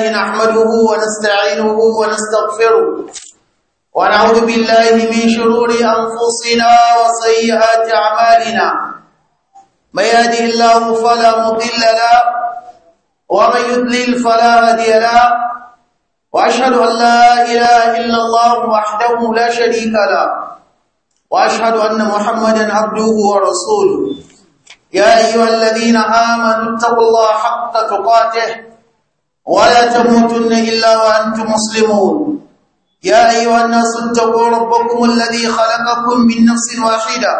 الله نحمده ونستعينه ونستغفره ونعوذ بالله من شرور أنفسنا وسيئات أعمالنا من يهدي الله فلا مضل له ومن يضلل فلا هادي له وأشهد أن لا إله إلا الله وحده لا شريك له وأشهد أن محمدا عبده ورسوله يا أيها الذين آمنوا اتقوا الله حق تقاته ولا تموتن إلا وأنتم مسلمون يا أيها الناس اتقوا ربكم الذي خلقكم من نفس واحدة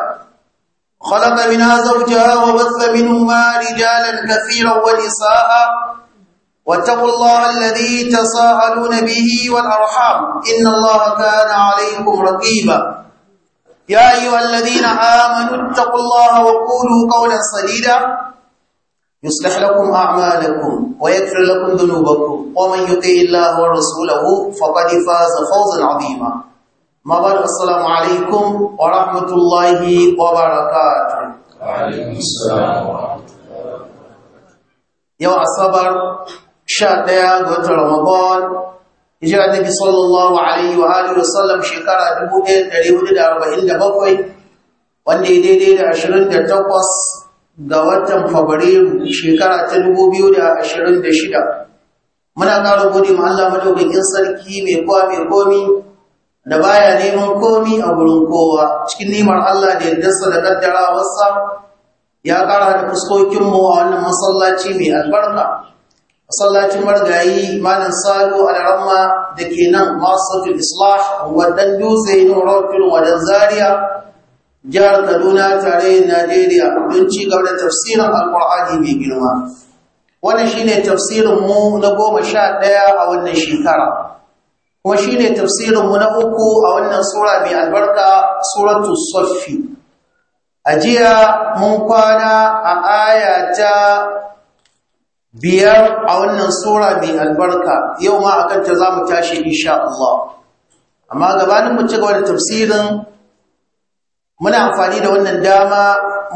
خلق منها زوجها وبث منهما رجالا كثيرا ونساء واتقوا الله الذي تساءلون به والأرحام إن الله كان عليكم رقيبا يا أيها الذين آمنوا اتقوا الله وقولوا قولا سديدا يصلح لكم أعمالكم ويغفر لكم ذنوبكم ومن يطع الله ورسوله فقد فاز فوزا عظيما ما بعد السلام عليكم ورحمة الله وبركاته وعليكم السلام ورحمة الله يوم الصبر شهر غوت رمضان هجرة النبي صلى الله عليه وآله وسلم شكرا تريد أربعين 1447 وندي ديدي 28 ga watan Fabrairu shekara ta da da ashirin shida, Muna ƙara gode ma Allah madaukakin sarki mai kowa mai komi da baya neman komi a gurin kowa cikin nemar Allah da yardarsa da kaddarawarsa ya ƙara da fuskokinmu a wannan masallaci mai albarka. Masallacin margayi Malam Salo ramma da ke nan Masafin Islah, wadan dutse Nurokin wadan Zariya. jihar kaduna tare najeriya don ci gaba da tafsirin alkur'ani mai girma wannan shine tafsirin mu na goma sha ɗaya a wannan shekara kuma shine tafsirin mu na uku a wannan sura mai albarka suratu saffi a jiya mun kwana a aya ta biyar a wannan sura mai albarka yau ma a kanta za mu tashi insha Allah amma gabanin mu ci gaba da tafsirin muna amfani da wannan dama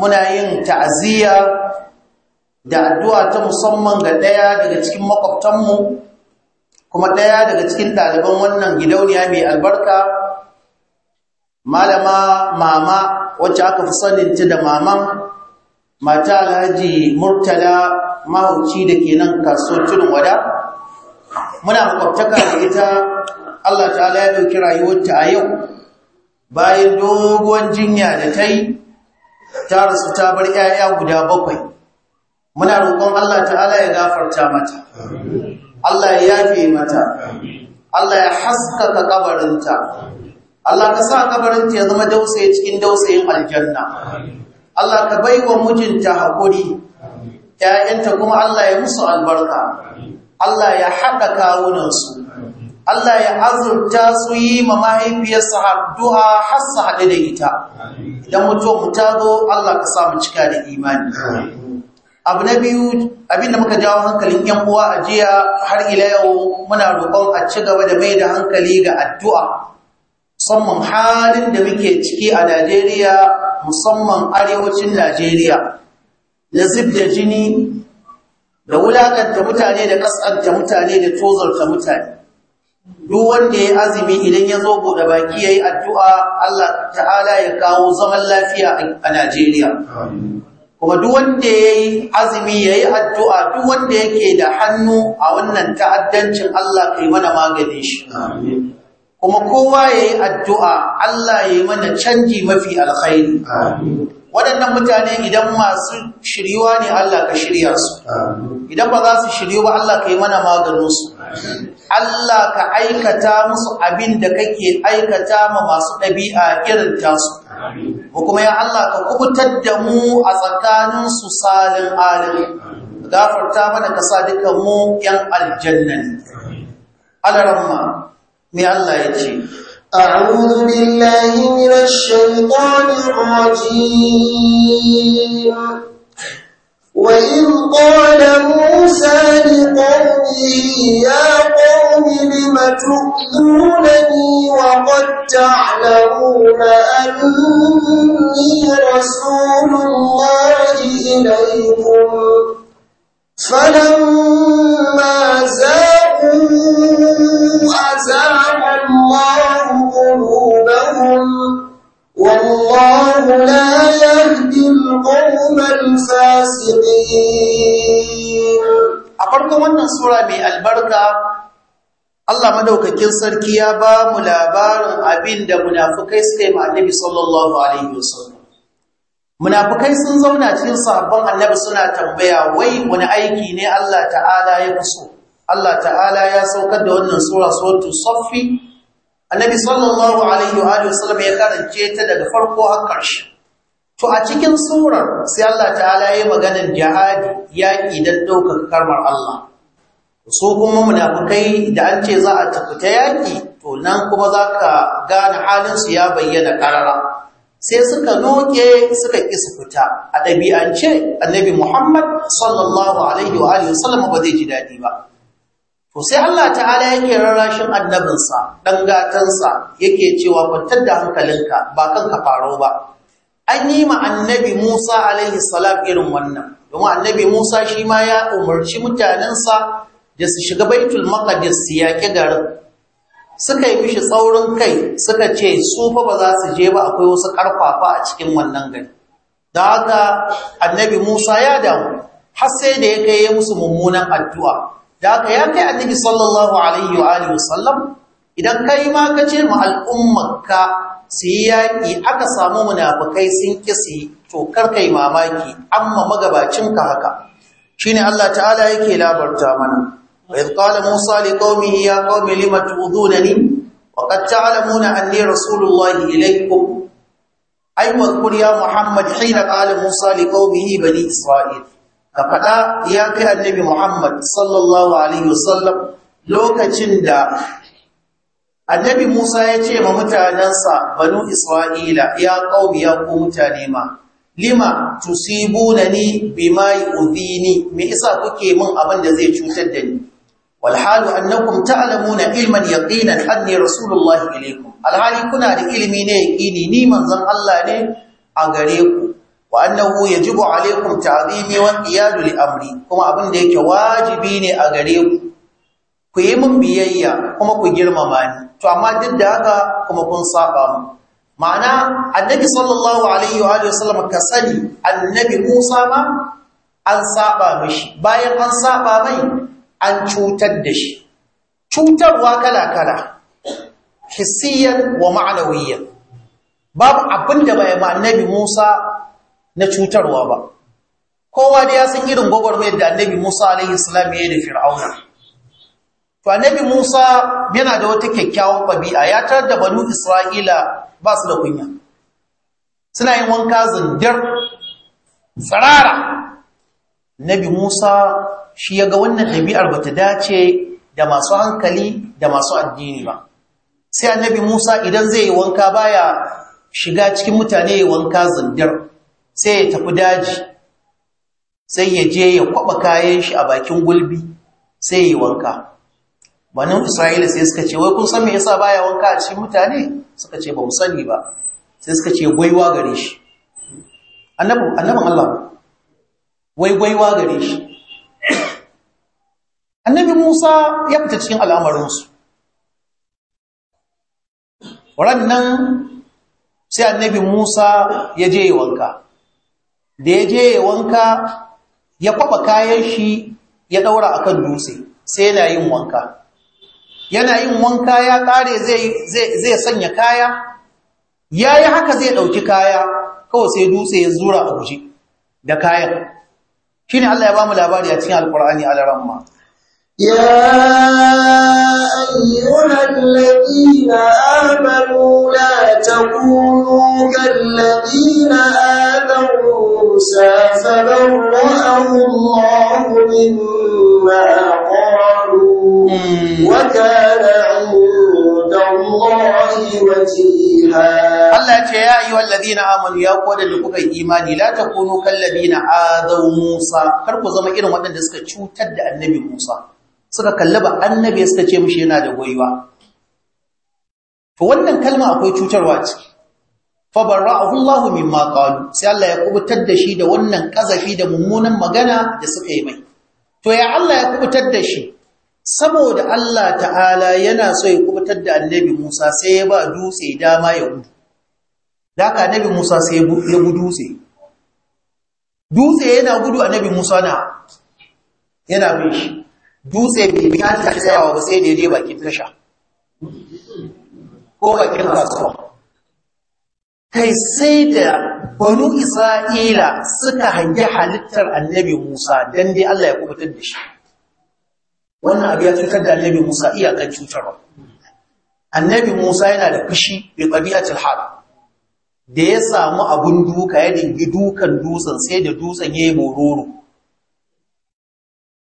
muna yin ta'aziyya da addu'a ta musamman ga ɗaya daga cikin makwabtanmu kuma ɗaya daga cikin ɗaliban wannan gidauniya mai albarka malama mama wacce aka fi saninta da maman mata alhaji murtala mahauci da ke nan kasuwar tudun wada muna makwabtaka da ita allah ta'ala ya ɗauki rayuwarta a yau bayan dogon jinya da ta yi ta rasu ta bar 'ya'ya guda bakwai muna roƙon Allah ta'ala ya gafarta mata Allah ya yafe mata Allah ya haskaka kabarinta Allah ka sa kabarinta ya zama dausayi cikin dausayin aljanna Allah ka bai wa mijinta hakuri. ‘ya'yanta kuma Allah ya musu albarka Allah ya haɗa kawunansu Allah ya azurta su yi ma mahaifiyarsa addu'a har su haɗu da ita idan mutuwa mu ta zo Allah ka samu cika da imani abu na biyu abinda muka jawo hankalin yan uwa a jiya har ila yau muna roƙon a ci gaba da mai da hankali ga addu'a musamman halin da muke ciki a Najeriya musamman arewacin Najeriya da zub da jini da wulakanta mutane da ƙasƙanta mutane da tozarta mutane duk wanda ya azumi idan ya zo buɗe baki ya yi addu'a Allah ta'ala ya kawo zaman lafiya a Najeriya. Kuma duk wanda ya yi azumi ya yi addu'a duk wanda yake da hannu a wannan ta'addancin Allah kai mana maganin shi. Kuma kowa ya yi addu'a Allah ya yi mana canji mafi alkhairi. Waɗannan mutane idan masu shiryuwa ne Allah ka shirya su. idan ba za su shiryu ba Allah ka yi mana maganinsu Allah ka aikata musu abin da kake aikata ma masu ɗabi'a irin tasu ko kuma ya Allah ka kubutar da mu a tsakaninsu salin alim gafarta mana ka sa duka mu yan aljannan alaramma me Allah ya ce أعوذ بالله من الشيطان الرجيم وإن قال موسى لقومه يا قوم لم تؤذونني وقد تعلمون أني رسول الله إليكم فلما زاغوا أزاغ الله قلوبهم والله لا a farkon wannan sura mai albarka Allah maɗaukakin sarki ya ba mu labarin abin da munafukai suka yi ma sallallahu alaihi wasallam munafukai sun zauna cikin sabon annabi suna tambaya wai wani aiki ne Allah ta'ala ya so Allah ta'ala ya saukar da wannan sura sautu saffi annabi sallallahu alaihi wasallam ya karance ta daga farko har ƙarshe to a cikin surar sai Allah ta'ala ya yi maganar jihadi yaƙi don ɗaukar karmar Allah So kuma munafukai da an ce za a tafuta yaƙi to nan kuma za ka gane halinsu ya bayyana ƙarara sai suka noke suka kisa fita a ɗabi'ance annabi Muhammad sallallahu alaihi wa alihi wasallam ba zai ji daɗi ba to sai Allah ta'ala yake rarrashin annabinsa dan gatansa yake cewa kwantar da hankalinka ba kanka faro ba an yi ma annabi Musa alaihi salam irin wannan domin annabi Musa shi ma ya umarci mutanensa da su shiga baitul maqdis su yaƙi garin suka yi mishi tsaurin kai suka ce su fa ba za su je ba akwai wasu ƙarfafa a cikin wannan gari da haka annabi Musa ya damu har sai da ya kai ya musu mummunan addu'a da haka ya kai annabi sallallahu alaihi wa sallam. idan kai ma ka ce ma al'ummarka su yi yaƙi aka samu munafukai sun kisi to karkai mamaki amma magabacinka haka shine Allah ta'ala yake labarta mana wa idh qala musa liqaumihi ya qaumi lima tu'dunani wa qad ta'lamuna anni rasulullahi ilaykum ay wa qul ya muhammad hina qala musa yi bani isra'il ka faɗa ya kai annabi muhammad sallallahu alaihi wasallam lokacin da annabi Musa ya ce ma mutanensa banu Isra'ila ya qaumi ya ku mutane ma lima tusibunani bima uzini me isa kuke min abin da zai cutar da ni wal annakum ta'alamu na ilman yaƙinan anni rasulullah ilaykum alhali kuna da ilimi ne yaƙini ni manzon Allah ne a gare ku wa annahu ya alaykum ta'zimi wa iyalul amri kuma abin da yake wajibi ne a gare ku ku yi min biyayya kuma ku girmama ni to amma duk da haka kuma kun saba mu ma'ana annabi sallallahu alaihi wa alihi wasallam ka sani annabi Musa ma an saba mishi bayan an saba mai an cutar da shi cutarwa kala kala hissiyan wa ma'anawiyan babu abinda bai ma annabi Musa na cutarwa ba kowa da ya san irin gwagwarmayar da annabi Musa alaihi salam ya yi da Fir'auna to annabi Musa yana da wata kyakkyawan ƙabi'a, ya tarar da banu Isra'ila ba su da kunya suna yin wanka zindir sarara nabi Musa shi ya ga wannan ɗabi'ar bata dace da masu hankali da masu addini ba sai annabi Musa idan zai yi wanka baya shiga cikin mutane ya wanka zindir sai ya tafi daji sai ya je ya kwaɓa kayan shi a bakin gulbi sai ya yi wanka banin isra'ila sai suka ce wai kun san me yasa baya wanka a cikin mutane suka ce ba mu sani ba sai suka ce gwaiwa gare shi annabi allah wai gwaiwa gare shi annabi musa ya fita cikin su rannan sai annabi musa ya je wanka da ya je wanka ya kwaba kayan shi ya daura akan dutse sai yana yin wanka yana yin wanka ya ƙare zai sanya kaya ya yi haka zai ɗauki kaya kawai sai dutse ya zura a guji da kayan shi ne Allah ya ba mu labari a cikin alkur'ani a daren ma يا أيها الذين آمنوا لا تكونوا كالذين آذوا موسى فبرأه الله مما Allah عند الله وجيها الله يا ايها الذين امنوا da kuka yi imani la takunu kallabi ladina adaw Musa kar ku zama irin waɗanda suka cutar da annabi Musa suka kallaba annabi suka ce mishi yana da gwaiwa to wannan kalma akwai cutarwa ce fa barra'ahu Allah mimma qalu sai Allah ya kubutar da shi da wannan kazafi da mummunan magana da suka yi mai to ya Allah ya kubutar da shi saboda Allah ta'ala yana so ya kubutar da annabi Musa sai ya ba dutse dama ya gudu daga annabi Musa sai ya gudu dutse dutse yana gudu annabi Musa na yana bin dutse bai biya ta tsayawa ba sai da ya bakin tasha ko bakin kasuwa kai sai da banu Isra'ila suka hangi halittar annabi Musa dan dai Allah ya kubutar da shi wannan abu ya cutar da annabi Musa iya kan cutarwa annabi Musa yana da fushi bi tabi'atul har da ya samu abun duka ya dingi dukan dutsen sai da dutsen yayi bororo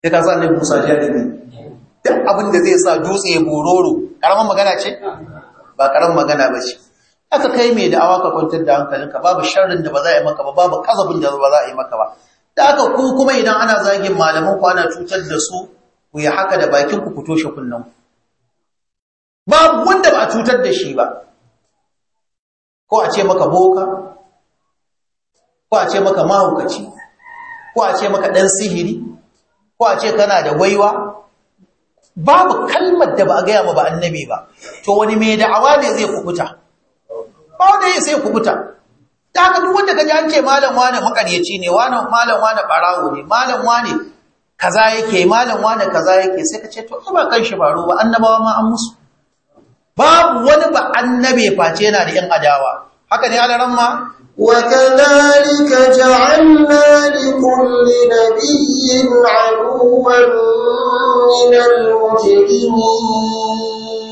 sai ka san annabi Musa ya dingi duk abin da zai sa dutse ya bororo karaman magana ce ba karaman magana ba ce aka kai mai da ka kwantar da hankalinka babu sharrin da ba za a yi maka ba babu kazabin da ba za a yi maka ba da aka ku kuma idan ana zagin malaman kwana cutar da su ku yi haka da bakin ku ku toshe kunnen ku babu wanda ba a cutar da shi ba ko a ce maka boka ko a ce maka mahaukaci ko a ce maka dan sihiri ko a ce kana da waiwa babu kalmar da ba a gaya ma ba annabi ba to wani mai da'awa ne zai kubuta ba wanda ya sai kubuta ta haka duk wanda ji an ce malam wane makaryaci ne wane malam wane barawo ne malam wane kaza yake malam da kaza yake sai ka ce to ba kan shi baro ba annabawa ma an musu babu wani ba annabe face yana da yan adawa haka ne alaran ma wa kadhalika ja'alna li kulli nabiyyin 'aduwan min al-mujrimin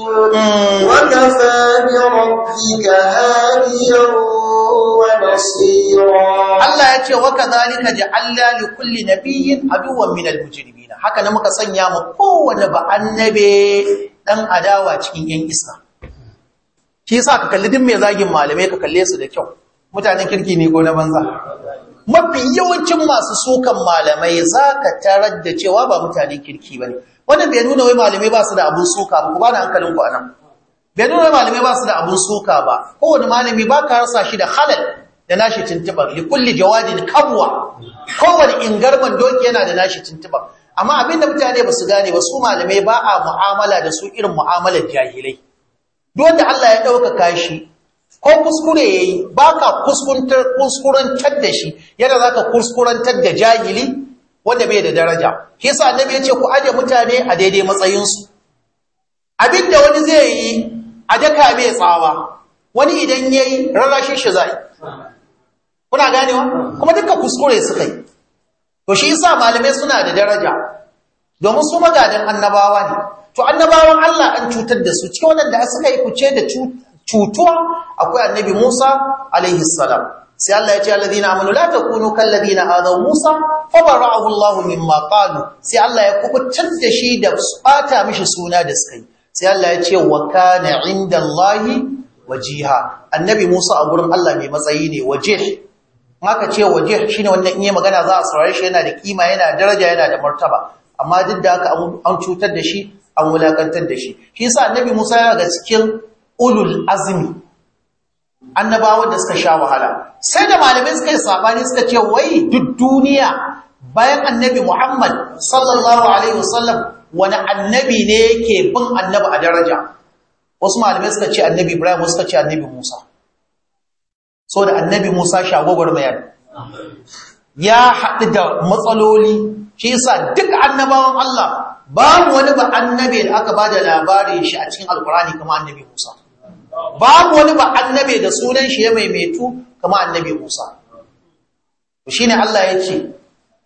وكفى بربك هاديا ونصيرا الله يتي وكذلك جعلنا لكل نبي عدوا من المجرمين haka na muka sanya ma kowane ba annabe dan adawa cikin yan iska. shi yasa ka kalli duk mai zagin malamai ka kalle su da kyau mutanen kirki ne ko na banza mafi yawancin masu sukan malamai za ka tarar da cewa ba mutane kirki ba ne wannan bai nuna wai malamai ba su da abin suka ba ku ba da hankalin ku a nan bai nuna malamai ba su da abin suka ba kowane malami ba ka rasa shi da halal da nashi tuntuɓar, li kulli jawadin kabwa kowane ingarman doki yana da nashi tuntuɓar. amma abinda mutane ba su gane ba su malamai ba a mu'amala da su irin mu'amalar jahilai duk wanda Allah ya ɗaukaka kashi ko kuskure ya yi ba ka kuskurantar da shi yadda za ka kuskurantar da jahili wanda bai da daraja kisa annabi ya ce ku aje mutane a daidai matsayinsu abin wani zai yi a daka mai tsawa wani idan ya yi rarrashin shi zai kuna ganewa kuma duka kuskure suka yi to shi yasa malamai suna da daraja domin su magadan annabawa ne to annabawan Allah an cutar da su cikin da suka yi kuce da cutuwa akwai annabi Musa alaihi salam sai Allah ya ce alladhina amanu la takunu kal ladina adaw Musa fa bara'ahu Allah mimma qalu sai Allah ya kubutar da shi da bata mishi suna da suka sai Allah ya ce wa kana wajiha annabi Musa a gurin Allah mai matsayi ne wajih maka ce waje shine wannan in yi magana za a saurare shi yana da kima yana daraja yana da martaba amma duk da haka an cutar da shi an wulakantar da shi shi yasa annabi Musa yana ga cikin ulul azmi annabawa da suka sha wahala sai da malamai suka yi sabani suka ce wai duk duniya bayan annabi Muhammad sallallahu alaihi wasallam wani annabi ne yake bin annabi a daraja wasu malamai suka ce annabi Ibrahim wasu suka ce annabi Musa so da annabi Musa shagogwar mayar ya haɗu da matsaloli shi yasa duk annabawan Allah babu wani ba annabi da aka ba da labarin shi a cikin alkurani kamar annabi Musa babu wani ba annabi da sunan shi ya maimaitu kama annabi Musa shine Allah ya ce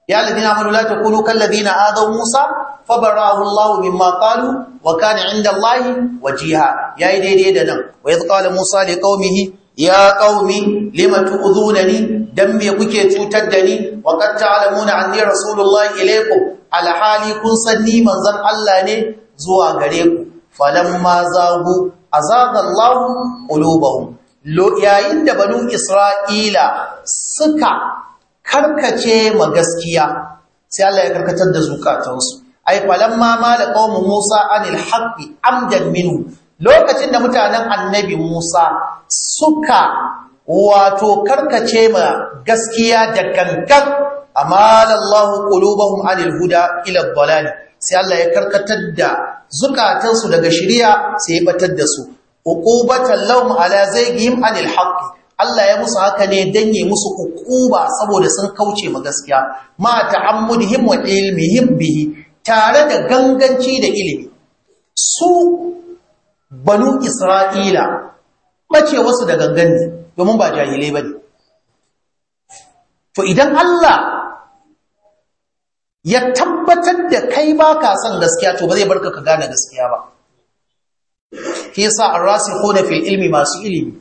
ya ladina amanu la takunu kal ladina adaw Musa fabarahu Allah mimma qalu wa kana inda Allah wajiha yayi daidai da nan wa yadh qala Musa li ni? ya qaumi lima ni? Don me kuke cutar da ni wa qad ta'lamuna anni rasulullahi ilaykum alhali kun sanni manzon Allah ne zuwa gare ku falamma zagu azagallahu qulubahum yayin da banu isra'ila suka karkace ma gaskiya sai Allah ya karkatar da zukatansu ai falamma mala qaumu musa anil haqqi amdan minhu lokacin da mutanen annabi musa suka wato karkace ma gaskiya da gangan amalallahu qulubahum anil huda ila dhalal sai Allah ya karkatar da zukatansu daga shiriya sai ya batar da su uqubatan lahum ala zaygihim anil haqq Allah ya musu haka ne dan yi musu uquba saboda sun kauce ma gaskiya ma ta'ammudihim wa ilmihim bihi tare da ganganci da ilimi su banu isra'ila bace wasu da gangan domin ba jahilai bane to idan Allah ya tabbatar da kai ba ka son gaskiya to ba zai barka ka gane gaskiya ba ke sa ar-rasikhuna fil ilmi masu ilimi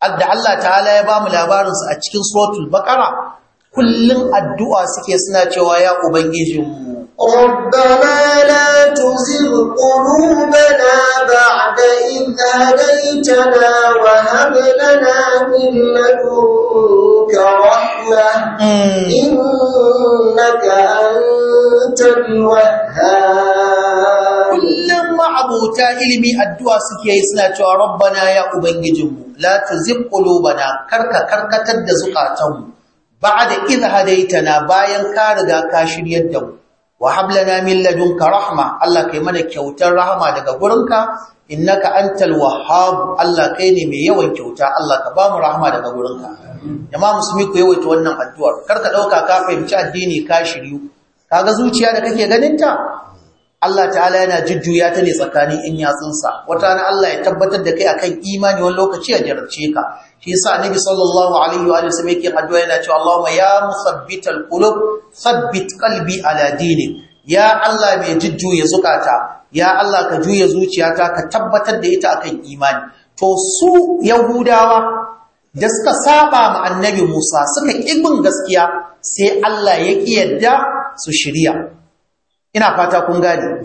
adda Allah ta'ala ya ba mu labarin su a cikin sotul bakara Kullum addu'a suke suna cewa ya ubangijinmu ربنا لا تزغ قلوبنا بعد إذ هديتنا وهب لنا min لدنك ربك ma'abota abota ilimi addu'a suke yi suna cewa rabbana ya ubangijinmu la tuzigh qulubana karka karkatar da zukatanmu ba'da hadaita hadaitana bayan ka riga ka shiryar da mu wa hab lana min rahma Allah kai mana kyautar rahma daga gurinka innaka antal wahhab Allah kai ne mai yawan kyauta Allah ka bamu rahama daga gurinka jama'a musulmi ku yawaita wannan addu'a kar ka dauka ka fahimci addini ka shiryu kaga zuciya da kake ganin ta Allah ta'ala yana jujjuya ta ne tsakanin in yatsunsa wata ran Allah ya tabbatar da kai akan imani wani lokaci ya jarabce ka shi yasa annabi sallallahu alaihi wa sallam yake addu'a yana cewa Allahumma ya musabbital qulub sabbit qalbi ala dinik ya Allah mai jujjuya zukata ya Allah ka juya zuciyata ka tabbatar da ita akan imani to su yahudawa da suka saba ma annabi Musa suka kibin gaskiya sai Allah ya kiyarda su shirya ina fata kun gane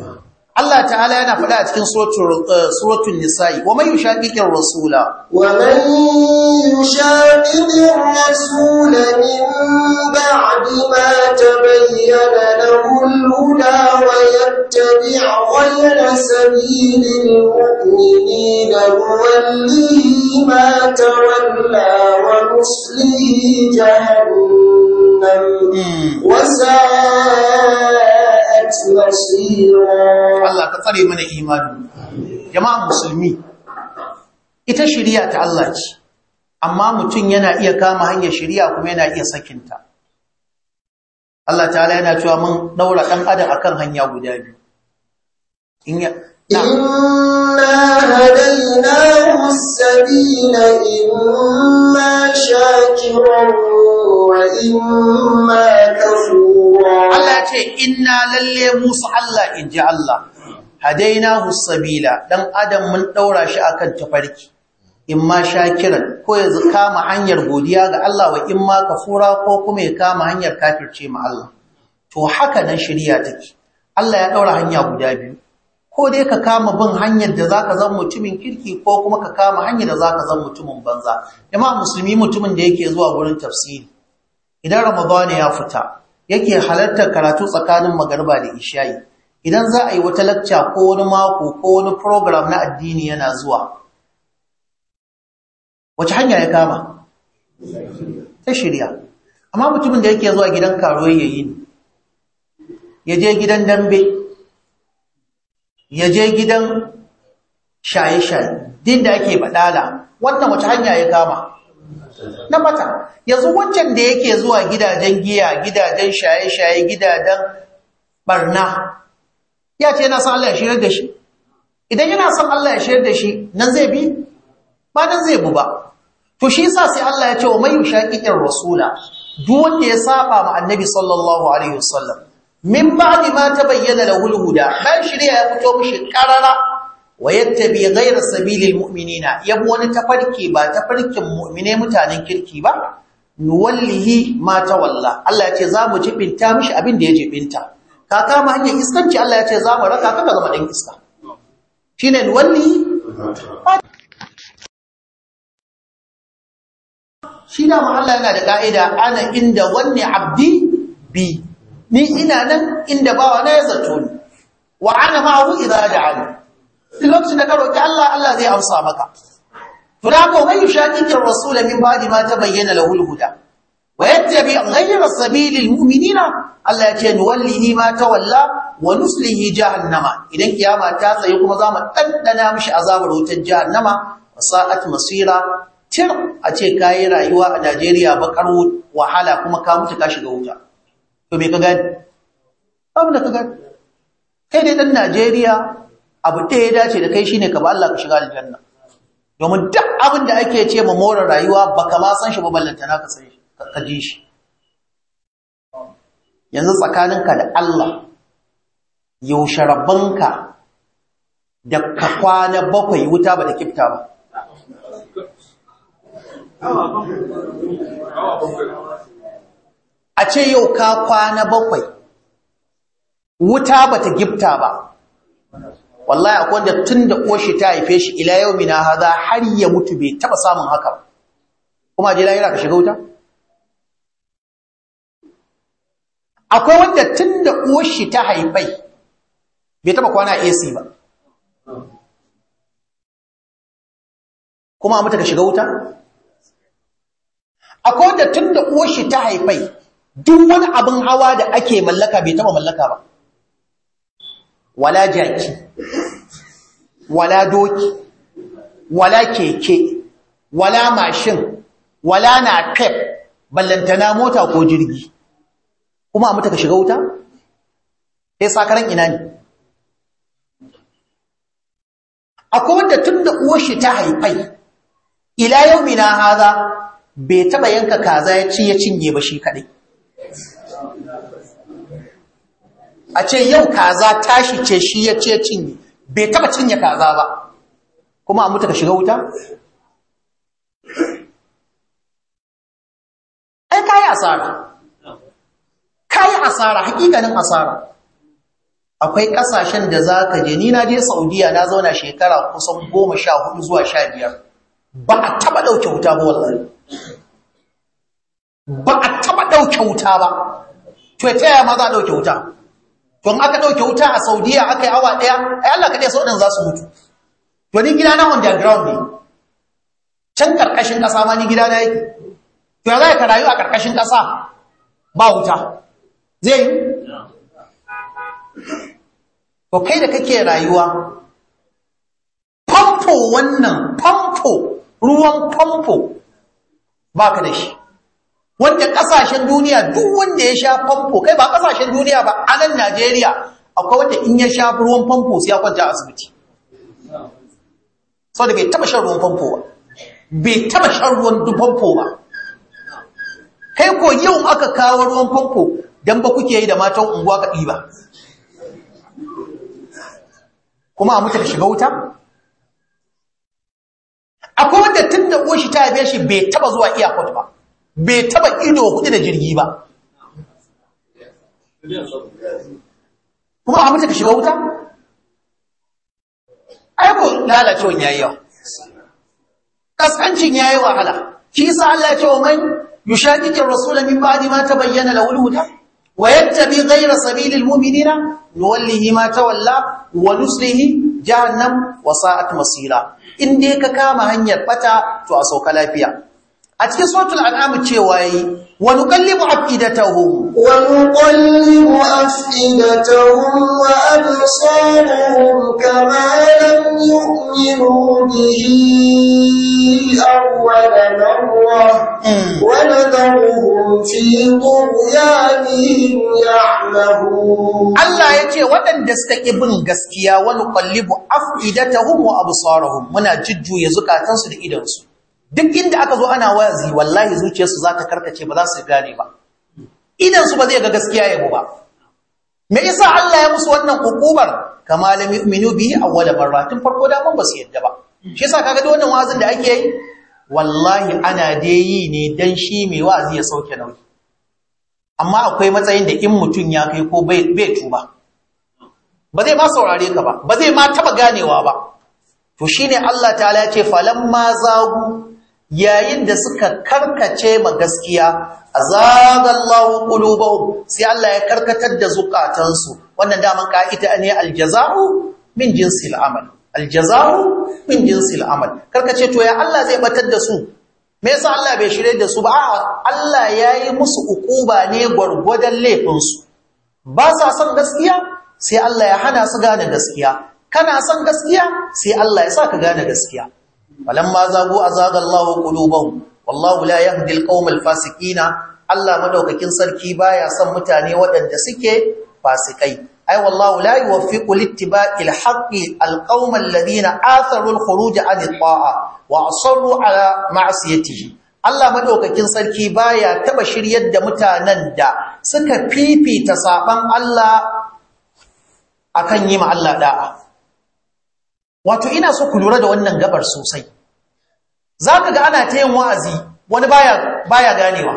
Allah ta'ala yana faɗa a cikin suratul nisa'i wa man yushaqiqir rasula wa man yushaqiqir rasula min ba'di ma tabayyana lahu al-huda wa yattabi' ghayra sabilil mu'minina nuwallihi ma tawalla wa nuslihi jahannam wa sa'a Allah ka tsare mana imani jama'a musulmi ita shirya ta Allah ce amma mutum yana iya kama hanyar shirya kuma yana iya sakinta Allah Ta ta'ala yana cewa mun ɗaura ɗan adam kan hanya guda biyu inna hadaynahu as imma shakirar Allah ce, "Ina lalle Musa Allah in ji Allah, hadaina husabila ɗan adam mun ɗaura shi a kan tafarki, in ma sha kiran, ko ya kama hanyar godiya ga Allah wa in ma kafura ko kuma ya kama hanyar kafirce ma Allah. To haka nan shirya take, Allah ya ɗaura hanya guda biyu, ko dai ka kama bin hanyar da za ka zan mutumin kirki ko kuma ka kama hanyar da za ka zan mutumin banza. Yama musulmi mutumin da yake zuwa wurin tafsiri. idan ramadana ya fita yake halartar karatu tsakanin magarba da ishayi, idan za a yi wata lacca ko wani mako ko wani program na addini yana zuwa wace hanya ya kama ta shirya amma mutumin da yake zuwa gidan karuwa ya yi ya je gidan dambe ya je gidan shaye-shaye din da ake badala wannan wace hanya ya kama na mata yanzu wancan da yake zuwa gidajen giya gidajen shaye-shaye gidajen barna ya ce yana son Allah ya shirar da shi idan yana son Allah ya shirar da shi nan zai bi ba nan zai bu ba to shi sa sai Allah ya ce wa mai shaqiqir rasula duk wanda ya saba ma annabi sallallahu alaihi wasallam min ba'di ma tabayyana lahu al-huda bayan shirya ya fito mishi karara wa yattabi ghayra sabilil mu'minina yabu wani tafarki ba tafarkin mu'mine mutanen kirki ba nuwallihi ma tawalla Allah ya ce za mu jibinta mishi abin da ya jibinta ka kama hanyar iskanci Allah ya ce za mu raka ka zama dan iska shine nuwallihi shi da ma Allah yana da ka'ida ana inda wanne abdi bi ni ina nan inda bawa na ya zato ni wa ana ma'ahu idza da'ani lokacin da ka roƙi Allah Allah zai amsa maka to da ko mai shaqiqir rasul min ba'di ma ta bayyana al-huda wa yattabi ghayra sabilil mu'minina Allah ya ce ni ma tawalla wa nuslihi jahannama idan kiyama ta tsaye kuma za mu dandana mishi azabar wutar jahannama wa sa'at masira tir a ce kayi rayuwa a Najeriya bakar wahala kuma ka mutu ka shiga wuta to me ka gani abin da ka gani kai ne dan Najeriya abu ɗaya ya dace da kai shine ka ba Allah ka shiga aljanna domin duk abin da ake ce ma more rayuwa baka ma san shi ba ballanta na ka san shi ka ji shi yanzu tsakaninka da Allah yaushe rabbanka da ka kwana bakwai wuta ba da kifta ba a ce yau ka kwana bakwai wuta ba ta gifta ba wallahi akwai wanda tun da koshi ta haife shi ila yau mina haza har ya mutu bai taɓa samun haka kuma je lahira ka shiga wuta akwai wanda tun da koshi ta haifai bai taɓa kwana AC ba kuma a mutu ka shiga wuta akwai wanda tun da koshi ta haifai duk wani abin hawa da ake mallaka bai taɓa mallaka ba wala jaki wala doki wala keke wala mashin wala na kef ballantana mota ko jirgi kuma a mutaka shiga wuta sai eh, sakaran ina ne akwai wanda tun da shi ta haifai ila yau mina haza bai taba yanka kaza ya ci ya cinye ba shi kaɗai. a ce yau kaza tashi ce shi ya ce cinye bai taba cinye kaza ba kuma a mutu ka shiga wuta ai kai asara kai asara hakikanin asara akwai kasashen da za ka je ni na je saudiya na zauna shekara kusan goma sha hudu zuwa sha biyar ba a taba ɗauke wuta ba wallahi ba a taba ɗauke wuta ba to ta yaya ma za a ɗauke wuta don aka ɗauke wuta a saudiya aka yi awa ɗaya ai allah kaɗai sau ɗin za su mutu to ni gida na underground ne can ƙarƙashin ƙasa ma ni gida na yake to ya za ka rayu a ƙarƙashin ƙasa ba wuta zai yi to kai da kake rayuwa famfo wannan famfo ruwan famfo ba ka da shi wanda kasashen duniya duk wanda ya sha famfo kai ba kasashen duniya ba a nan Najeriya akwai wanda in ya sha ruwan famfo sai ya kwanta asibiti Sau da bai taba shan ruwan famfo ba bai taba shan ruwan famfo ba kai ko yau aka kawo ruwan famfo don ba kuke yi da matan unguwa ka ba? kuma a mutu da shiga wuta akwai wanda tun da ƙoshi ta yabe shi bai taba zuwa iyakot ba bai taba ido huɗu da jirgi ba kuma abin da ka shiga wuta aiko lalacewa yayi yawa ya yi wahala ki Allah ya ce wa man yushaqiqir rasula min ba'di ma tabayyana lahu al-huda ويتبع غير سبيل المؤمنين نوله ما تولى ونسله wa وساءت masira. in dai ka kama hanyar bata to a sauka lafiya a cikin suratul an'am cewa yi wa nuqallibu afidatahum wa nuqallibu afidatahum wa absarahum kama lam yu'minu bihi awwala marra hmm. wa nadhuhum fi tughyanihim ya'mahun Allah yace waɗanda suka ki bin gaskiya wa nuqallibu afidatahum wa absarahum muna jujjuya zukatansu da idansu duk inda aka zo ana wazi wallahi zuciyarsu za ta karkace ba za su gane ba idan su ba zai ga gaskiya yabo ba me yasa Allah ya musu wannan hukumar kama lam yu'minu bihi awwala marra tun farko da mun ba su yadda ba shi yasa kaga da wannan wazin da ake yi wallahi ana da yi ne dan shi me wazi ya sauke nauyi amma akwai matsayin da in mutun ya kai ko bai bai tuba ba zai ma saurare ka ba ba zai ma taba ganewa ba to shine Allah ta'ala ya ce falamma zagu yayin da suka karkace ma gaskiya a azagallahu ƙulubau sai Allah ya karkatar da zukatansu wannan daman ka'ida ne Aljazahu, min jinsi amal Aljazahu, min jinsi amal karkace to ya Allah zai batar da su me yasa Allah bai shirye da su ba a'a Allah yayi musu ukuba ne gwargwadon laifinsu ba sa son gaskiya sai Allah ya hana su gane gaskiya kana son gaskiya sai Allah ya sa ka gane gaskiya falamma zagu azagallahu qulubahum wallahu la yahdi alqawmal fasikina. Allah madaukakin sarki baya son mutane waɗanda suke fasikai ai wallahu la yuwaffiqu littiba'i haqqi alqawmal ladina atharu alkhuruj an at-ta'a wa asarru ala ma'siyatihi Allah madaukakin sarki baya taba shiryar da mutanen da suka fifita saban Allah akan yi ma Allah da'a wato ina so ku lura da wannan gabar sosai za ka ga ana ta yin wa'azi wani baya ganewa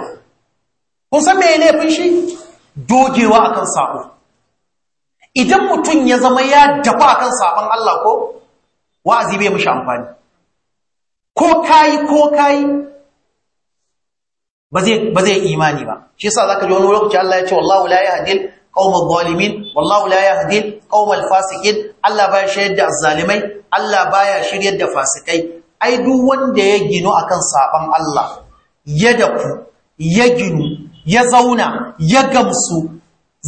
kun san mai laifin shi dogewa akan sabo idan mutum ya zama ya dafa akan sabon Allah ko wa'azi bai mashi amfani ko kayi ko kai ba zai imani ba shi sa za ka ji wani lokaci Allah ya ce wallahu la ya hadil قوم الظالمين والله لا يهدي القوم Allah baya shayar da azzalimai Allah baya shiryar da fasikai ai duk wanda ya gino kan saɓon Allah ya dafu ya ginu ya zauna ya gamsu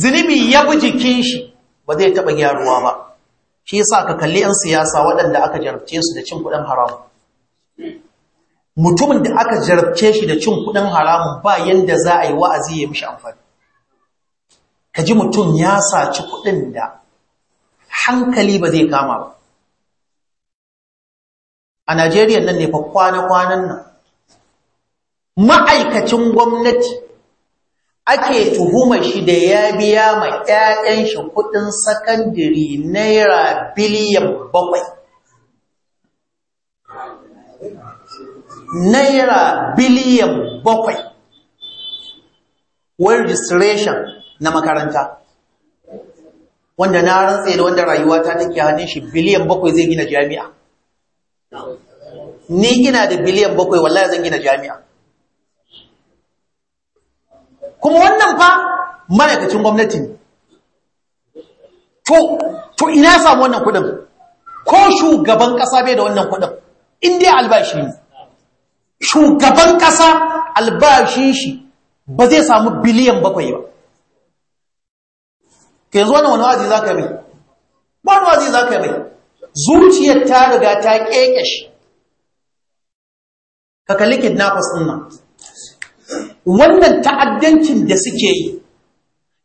zunubi ya bi jikin shi ba zai taɓa gyaruwa ba shi sa ka kalli yan siyasa waɗanda aka jarabce su da cin kuɗin haramu mutumin da aka jarabce shi da cin kuɗin haramun ba yanda za a yi wa'azi ya mishi amfani ka ji mutum ya saci kuɗin da hankali ba zai kama ba a najeriya nan ne fa kwana-kwanan nan ma'aikacin gwamnati ake tuhumar shi da ya biya ma 'ya'yan shi kuɗin sakandiri naira biliyan bakwai naira biliyan bakwai wani registration na makaranta wanda na rantse da wanda rayuwa ta take hannun shi biliyan bakwai zai gina jami'a ni ina da biliyan bakwai wallahi zan gina jami'a kuma wannan fa ma'aikacin gwamnati ne to ina samu wannan kudin ko shugaban kasa bai da wannan kudin dai albashi ne shugaban kasa albashin shi ba zai samu biliyan bakwai ba ke wani wazi za ka mai wani wazi za ka mai zuciyar ta riga ta keke ka kalli kidnappers ɗin nan wannan ta'addancin da suke yi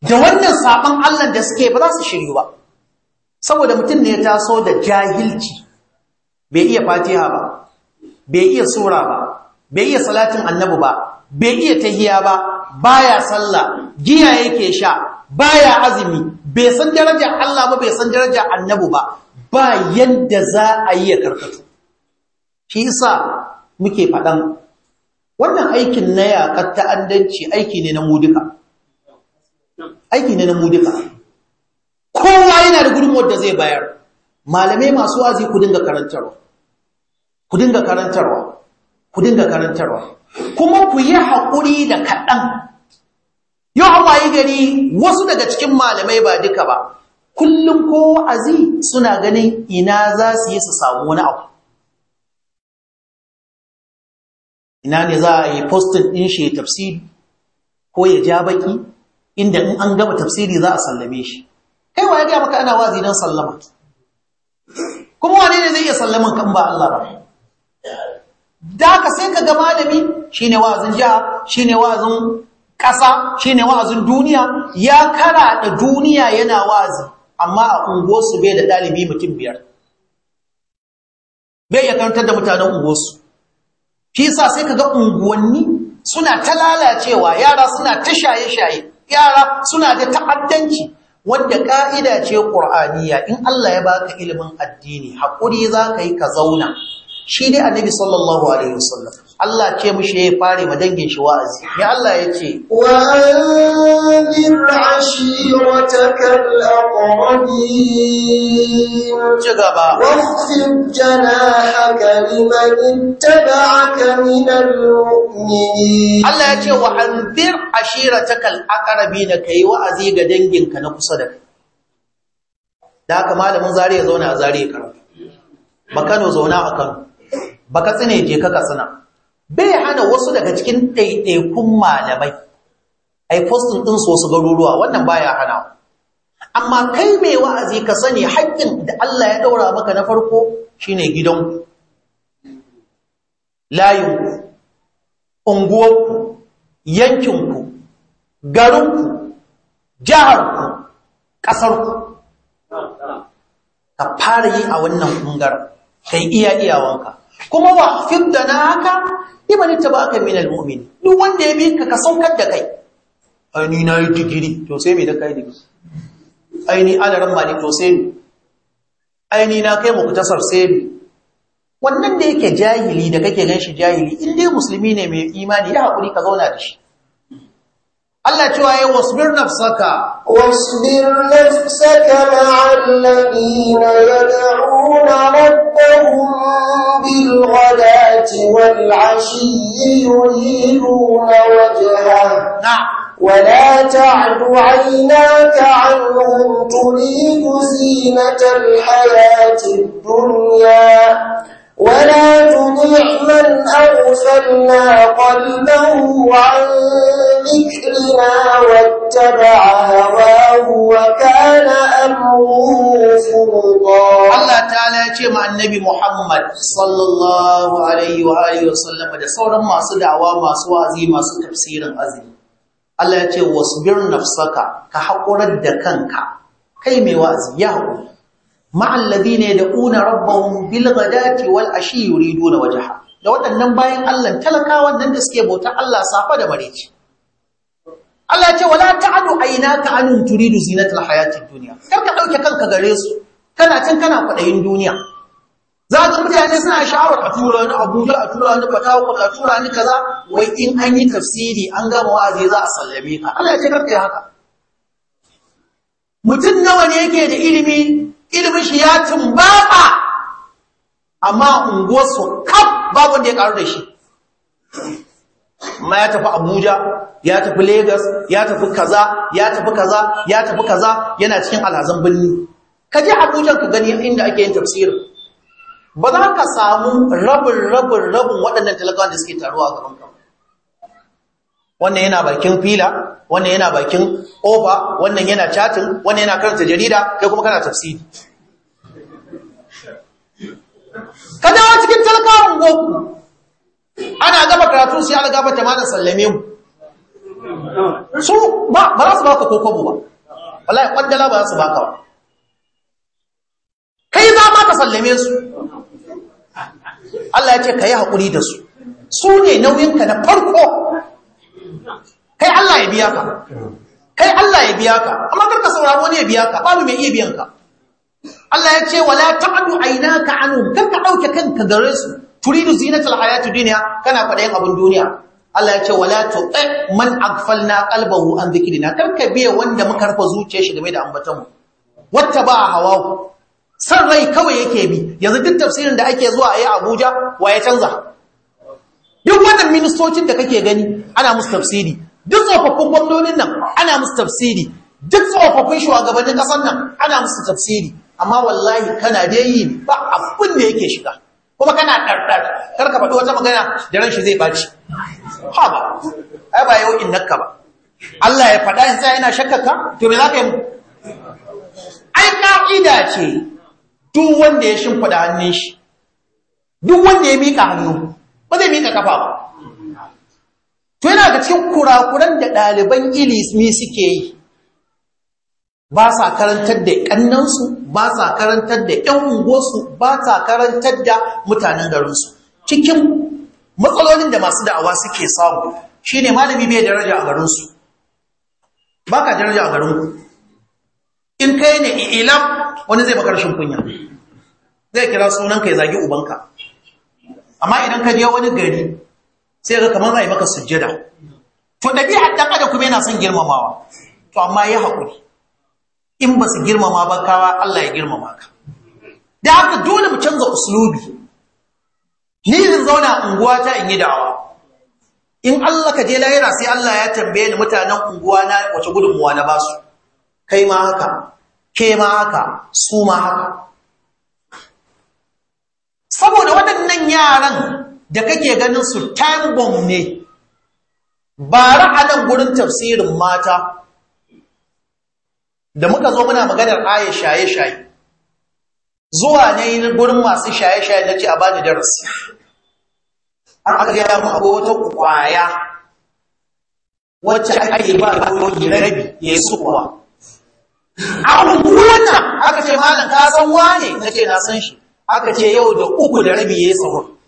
da wannan saɓon allah da suke ba za su shiryu ba saboda mutum ne ya taso da jahilci bai iya fatiha ba bai iya sura ba bai iya salatin annabi ba bai iya tahiya ba baya sallah giya yake sha baya azumi bai san darajar Allah ba bai san darajar annabi ba ba yanda za a yi ya karkato shi yasa muke faɗan wannan aikin na yaƙar ta'addanci aiki ne na mudika aiki ne na mudika kowa yana da gudunmuwar da zai bayar malamai masu wazi ku dinga karantarwa ku dinga karantarwa ku dinga karantarwa kuma ku yi haƙuri da kaɗan yau an wayi gani, wasu daga cikin malamai ba duka ba kullum ko wa'azi suna ganin ina za su yi su samu wani abu ina ne za a yi postin ɗin shi ya tafsiri ko ya ja baƙi inda in an gaba tafsiri za a sallame shi kai wa ya gaya maka ana wazi don sallama kuma wane ne zai iya sallaman kan ba Allah ba da ka sai ka ga malami shine wa'azin jiha shine wa'azin ƙasa shine wa'azin duniya ya kara da duniya yana wa'azi amma a unguwarsu bai da ɗalibi mutum biyar bai ya karantar da mutanen unguwarsu fi sa sai ka ga unguwanni suna ta lalacewa yara suna ta shaye-shaye yara suna da ta'addanci wanda ƙa'ida ce ƙur'aniya in Allah ya baka ilimin addini haƙuri za ka yi ka zauna shi ne annabi sallallahu alaihi wasallam Allah ce mushi ya fare ma dangin shi wa'azi ne Allah ya ce wa anzir ashiratakal aqrabin ci gaba waqfid janahaka liman ittaba'aka minal mu'minin Allah ya ce wa anzir ashiratakal aqrabin kai wa'azi ga danginka na kusa da kai da haka malamin zare ya zauna a zare karatu ba Kano zauna a Kano ba katsina tsine je ka katsina bai hana wasu daga cikin ɗaiɗaikun malamai ai postin ɗin su wasu garuruwa wannan baya hana amma kai mai wa'azi ka sani haƙƙin da Allah ya ɗaura maka na farko shine gidanku layinku unguwarku yankinku garinku jiharku ƙasarku ka fara yi a wannan ɓangaren kai iya iyawanka kuma ba da na haka ta ba ka minal almu'min duk wanda ya bi ka ka saukar da kai Aini na yi digiri to sai me da kai digiri ai ni alaran mali to sai ni ai ni na kai muktasar sai ni wannan da yake jahili da kake ganshi jahili inda musulmi ne mai imani ya hakuri ka zauna da shi Allah cewa ya wasbir nafsaka wasbir nafsaka ma'alladina yad'una rabbahum bil ghadati wal 'ashiyyi yuriduna wajha na'am ولا تعد عيناك عنهم تريد زينة الحياة الدنيا ولا تطع من أغفلنا قلبه عن ذكرنا واتبع هواه وكان أمره فرطا الله تعالى يتيما النبي محمد صلى الله عليه وآله وسلم da sauran masu da'awa masu wazi masu tafsirin azumi Allah ya ce wasbir nafsaka ka haƙurar da kanka kai mai wazi ya haƙuri ma'al ladina yad'una rabbahum bil ghadati wal ashi waje wajha da waɗannan bayan Allah talakawan nan da suke bautar Allah safa da mareci Allah ce wala ta'adu aynaka anun turidu zinatul hayatid dunya kar ka dauke kanka gare su kana can kana kwaɗayin duniya za ka mutane suna sha'awar a tura ni Abuja a tura ni Fatawa a tura ni kaza wai in an yi tafsiri an gama wa'azi za a sallame ka Allah ya ce kar ka yi haka mutum nawa ne yake da ilimi ilimin shi ya tumbaba amma unguwarsu kaf babu wanda ya karu da shi ma ya tafi abuja ya tafi lagos ya tafi kaza ya tafi kaza ya tafi kaza yana cikin alhazan birni ka je abuja ka gani inda ake yin tafsirin ba za ka samu rabin rabin rabin waɗannan talakawa da suke taruwa a gaban kan wannan yana bakin fila wannan yana bakin ofa wannan yana chatin wannan yana karanta jarida kai kuma kana tafsiri ka dawo cikin talakawan goku ana gaba karatu sai an gaba ta mana sallame mu su ba ba za su baka kokobo ba wallahi kwaddala ba za su baka ba kai za ma ka sallame su Allah ya ce ka yi haƙuri da su su ne nauyinka na farko kai Allah ya biya ka kai Allah ya biya ka amma kar ka sauraro ne ya biya ka babu mai iya biyan ka Allah ya ce wala ta'du aynaka anhum kar ka dauke kanka gare su turidu zinatul hayatid dunya kana yin abun duniya Allah ya ce wala tu man aghfalna qalbahu an dhikrina kar ka biya wanda muka rufe zuciyar shi game da ambatan mu wattaba hawahu san rai kawai yake bi yanzu duk tafsirin da ake zuwa ayi Abuja wa ya canza duk wannan ministocin da kake gani ana musu tafsiri duk tsofaffin gwamnonin nan ana musu tafsiri duk tsofaffin shugabannin ƙasar nan ana musu tafsiri amma wallahi kana da yi ba abin da yake shiga kuma kana ɗarɗar karka faɗi wata magana da ran shi zai ɓaci ha ba ai ba yau in nakka ba Allah ya faɗa in sai yana shakkaka to me za ka yi ai ka'ida ce duk wanda ya shimfiɗa hannun shi duk wanda ya miƙa hannu ba zai miƙa kafa ba to yana ga cikin kurakuran da ɗaliban ilimi suke yi ba sa karantar da ƙannansu ba sa karantar da ƴan unguwarsu ba sa karantar da mutanen garinsu cikin matsalolin da masu da'awa suke samu shine malami bai daraja a garinsu ba ka daraja a garinku in kai ne ilam wani zai bakar kunya zai kira sunanka ya zagi ubanka amma idan ka je wani gari sai ga kamar za maka sujjada to ɗabi'ar ɗan adam kuma yana son girmamawa to amma ya haƙuri in ba su girmama ba kawa Allah ya girmama ka da haka dole mu canza uslubi ni in zauna unguwa ta in yi da'awa in Allah ka je lahira sai Allah ya tambaye ni mutanen unguwa na wace gudunmuwa na basu kai ma haka ke ma haka su ma haka saboda waɗannan yaran da kake ganin su time bomb ne Ba ra'anan nan gurin tafsirin mata da muka zo muna maganar aya shaye-shaye zuwa ne gurin masu shaye-shaye na ce a bani darasi an aka gaya mu abu wata kwaya wacce ake ba kawai rabi ya yi suwa a rubuta aka ce malam ka san wane na ce na san shi aka ce yau da uku da rabi ya yi sahur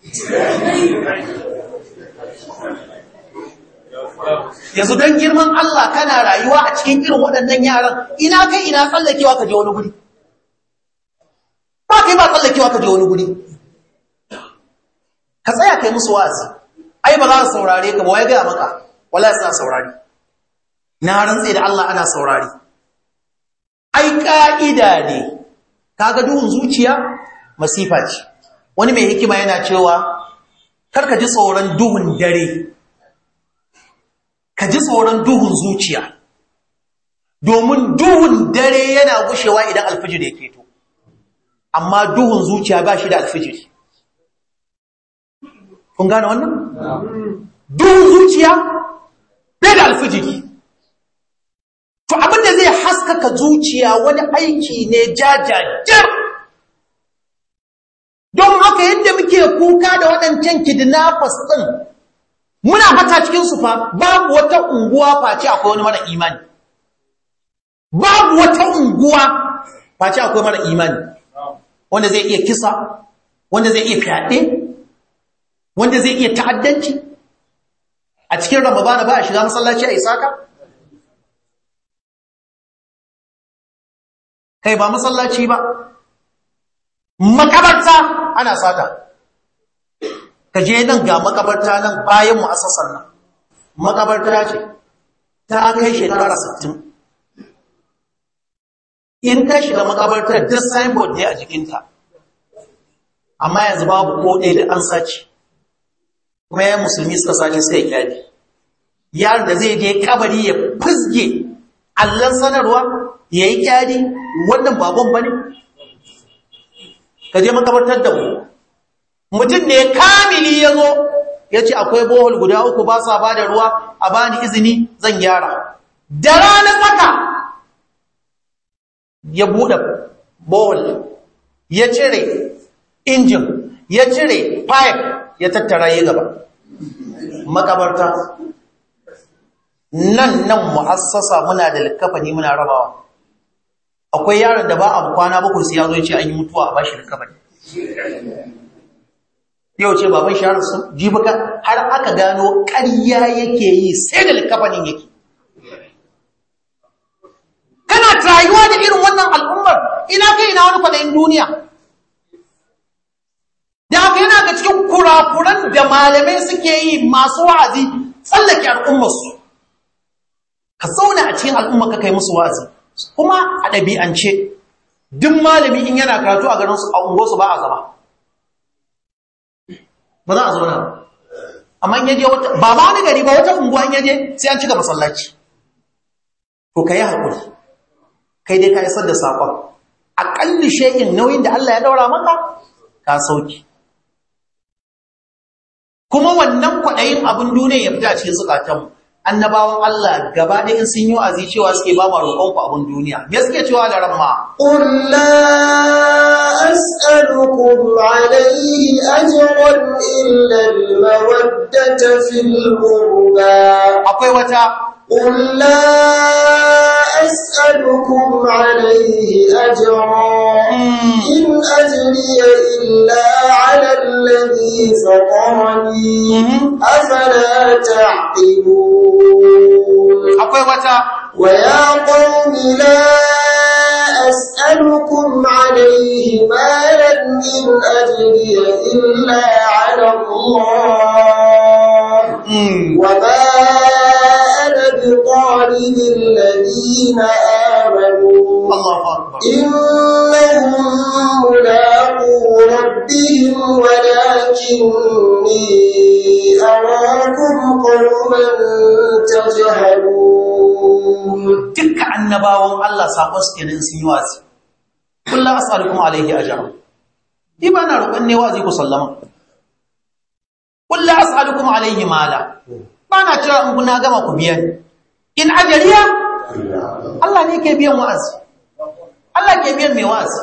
yanzu don girman Allah kana rayuwa a cikin irin waɗannan yaran ina kai ina tsallakewa ka je wani guri ba kai ba tsallakewa ka je wani guri ka tsaya kai musu wa'azi ai ba za su saurare ka ba wai gaya maka wallahi suna saurare na rantse da Allah ana saurare ai ka'ida ne ga duhun zuciya masifa ce wani mai hikima yana cewa 'Kar ka ji tsoron duhun dare ka ji tsoron duhun zuciya domin duhun dare yana gushewa idan alfijir ya keto amma duhun zuciya ba shi da alfijir kun gane wannan? duhun zuciya bai da alfijiri to abinda zai haskaka zuciya wani aiki ne jajajar yadda muke kuka da waɗancan kidnappers ɗin muna fata cikinsu fa babu wata unguwa face akwai wani mara imani babu wata unguwa face akwai mara imani wanda zai iya kisa wanda zai iya fyaɗe wanda zai iya ta'addanci a cikin rababana ba a shiga masallaci a isaka kai ba masallaci ba makabarta ana sata ka je nan ga makabarta nan bayan mu asasar nan makabarta ce ta kai shekara 60 in ka shiga makabarta da signboard ne a jikinta amma yanzu babu ko da an sace kuma ya musulmi suka sace sai ya kyale yaron da zai je kabari ya fizge allon sanarwa ya yi wannan babon ba ne ka je makabartar da mu mutum ne kamili ya zo ya ce akwai bohol guda uku ba sa ba da ruwa a bani izini zan gyara da ranar tsaka ya buɗe bohol ya cire injin ya cire pipe ya tattara yi gaba makabarta nan nan mu'assasa muna da likafani muna rabawa akwai yaron da ba a kwana bakwai sai ya zo ce an yi mutuwa a bashi ne yau ce baban sharar su sun baka har aka gano ƙarya yake yi sai da ne yake kana rayuwa da irin wannan al'ummar ina kai ina wani kwanayin duniya da aka yana ga cikin kurakuran da malamai suke yi masu wa'azi tsallake al'ummarsu ka zauna a cikin al'ummar ka kai musu wa'azi kuma a ɗabi'ance duk malami in yana karatu a garinsu a unguwarsu ba a zama ba za a zauna ba amma in yaje wata ba ba ni gari ba wata unguwa in yaje sai an cika masallaci Ko ka yi haƙuri kai dai ka isar da saƙon aƙalli shekin nauyin da Allah ya daura maka ka sauki kuma wannan kwaɗayin abin duniya ya fita cikin zukatanmu annabawan Allah gaba ɗaya in sun yi wa'azi cewa suke ba ma roƙon ku abin duniya me suke cewa da ramma qul la as'alukum alayhi ajran mawaddata fil qurba akwai wata Ƙulla. أسألكم عليه أجرا إن أجري إلا على الذي فطرني أفلا تعقلون ويا قوم لا أسألكم عليه مالا إن أجري إلا على الله وما أنا بطارد الذين آمنوا إنهم ملاقو ربهم ولكني أراكم قوما تجهلون تلك النباوة الله سأقص كنن سيواتي كل أسألكم عليه أجرا إبانا ربني عليه وسلم Kulla asali as'alukum alayhi mala bana cewa in kuna gama ku biyan in ajariya Allah ne ke biyan wa'azi Allah ke biyan mai wa'azi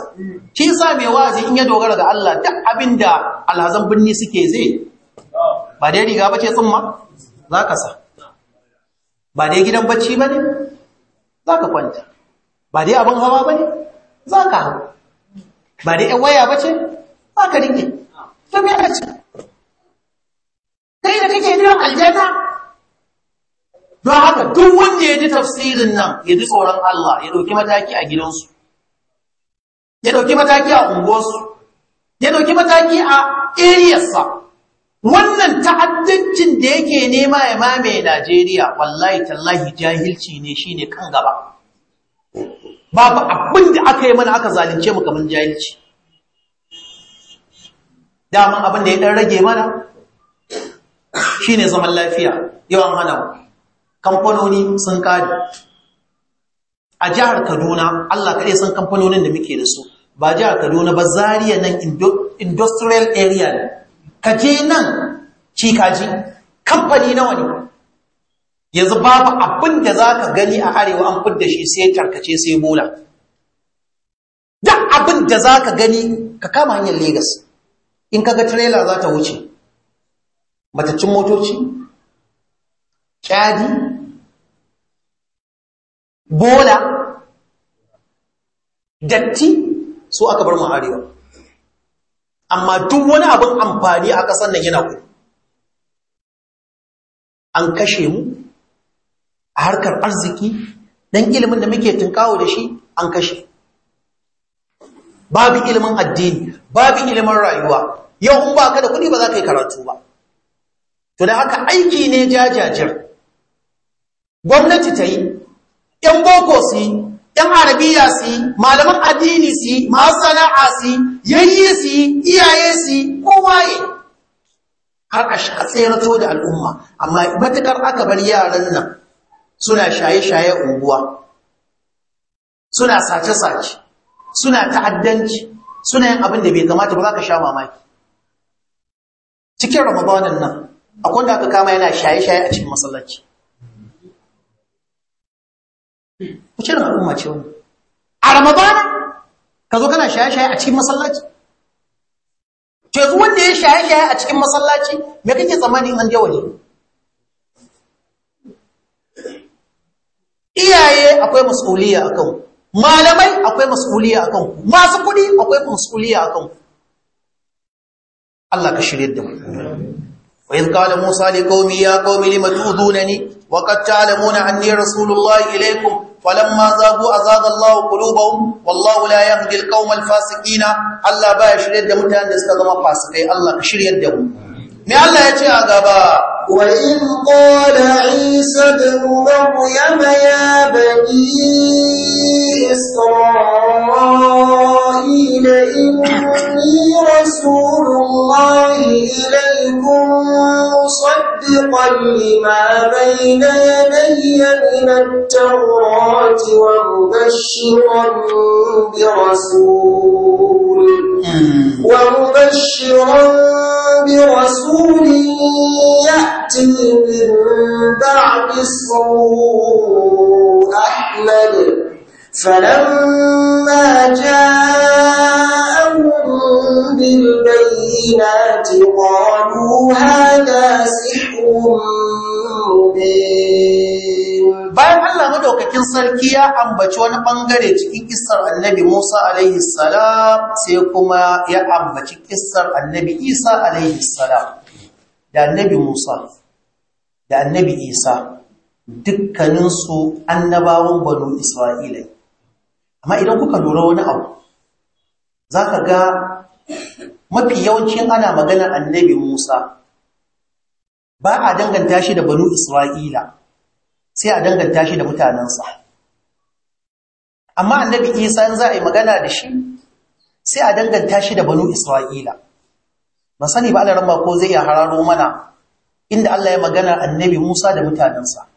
shi yasa mai wa'azi in ya dogara ga Allah duk abinda alhazan binni suke zai ba dai riga bace tsumma zaka sa ba dai gidan bacci bane zaka kwanta ba dai abin hawa bane zaka hau. ba dai waya bace zaka rinke to me aka ce kai da kake jiran aljanna don haka duk wanda ya ji tafsirin nan ya ji tsoron Allah ya ɗauki mataki a gidansu ya ɗauki mataki a unguwarsu ya ɗauki mataki a eriyarsa wannan ta'addancin da yake nema ya mamaye Najeriya wallahi tallahi jahilci ne shine kan gaba babu abin da aka yi mana aka zalunce mu kamar jahilci dama abin da ya dan rage mana Shi ne zaman lafiya yawan hana kamfanoni sun kadi. a jihar kaduna allah kaɗai san kamfanonin da muke da su ba jihar kaduna ba zariya nan industrial area ne ka je nan cikaji kamfani nawa ne yanzu babu abin da za ka gani a arewa an fudda shi sai tarkace sai bola duk abin da za ka gani ka kama hanyar Legas. in kaga trailer za ta wuce mataccin motoci kyadi bola datti su aka bar mu arewa amma duk wani abin amfani a ƙasar nan yana kudu an kashe mu a harkar arziki don ilimin da muke tunkawo da shi an kashe babu ilimin addini babu ilimin rayuwa yau ba ka da kuɗi ba za ka yi karatu ba to da haka aiki ne jajajir gwamnati ta yi ‘yan boko su ‘yan arabiya su malaman addini su yi masu sana'a su yi yayye iyaye su yi har a tserato da al'umma amma matukar aka bar yaran nan suna shaye-shaye unguwa suna sace-sace suna ta'addanci suna yin abin da bai kamata ba za ka sha mamaki cikin ramadanin nan akwai da aka kama yana shaye-shaye a cikin masallaci wace da al'umma ce wani a ramadana ka zo kana shaye-shaye a cikin masallaci to yanzu wanda ya shaye-shaye a cikin masallaci me kake tsammanin an je ne? iyaye akwai mas'uliya akan ku malamai akwai mas'uliya akan ku masu kuɗi akwai mas'uliya akan ku Allah ka shirye da mu وإذ قال موسى لقومي يا قوم لم تؤذونني وقد تعلمون أني رسول الله إليكم فلما زاغوا أزاغ الله قلوبهم والله لا يهدي القوم الفاسقين الله با يشريد da mutanen da suka zama fasikai Allah ka da mu me Allah ya ce a gaba wa in qala isa ibn maryam ya جئتكم مصدقا لما بين يدي من التوراة ومبشرا برسول ومبشرا برسول يأتي من بعد اسمه أحمد فلما جاء جاءهم بالبينات قالوا هذا سحر bayan Allah madaukakin sarki ya ambaci wani bangare cikin kisar Annabi Musa alaihi salam sai kuma ya ambaci kisar Annabi Isa alaihi salam da Annabi Musa da Annabi Isa dukkaninsu annabawan banu Isra'ila amma idan kuka lura wani abu za ka ga mafi yawancin ana maganar annabi Musa ba a danganta shi da banu Isra'ila sai a danganta shi da mutanensa. Amma annabi Isa za a yi magana da shi sai a danganta shi da banu Isra'ila. Ba sani ba alaran ko zai iya hararo mana inda Allah ya magana annabi Musa da mutanensa.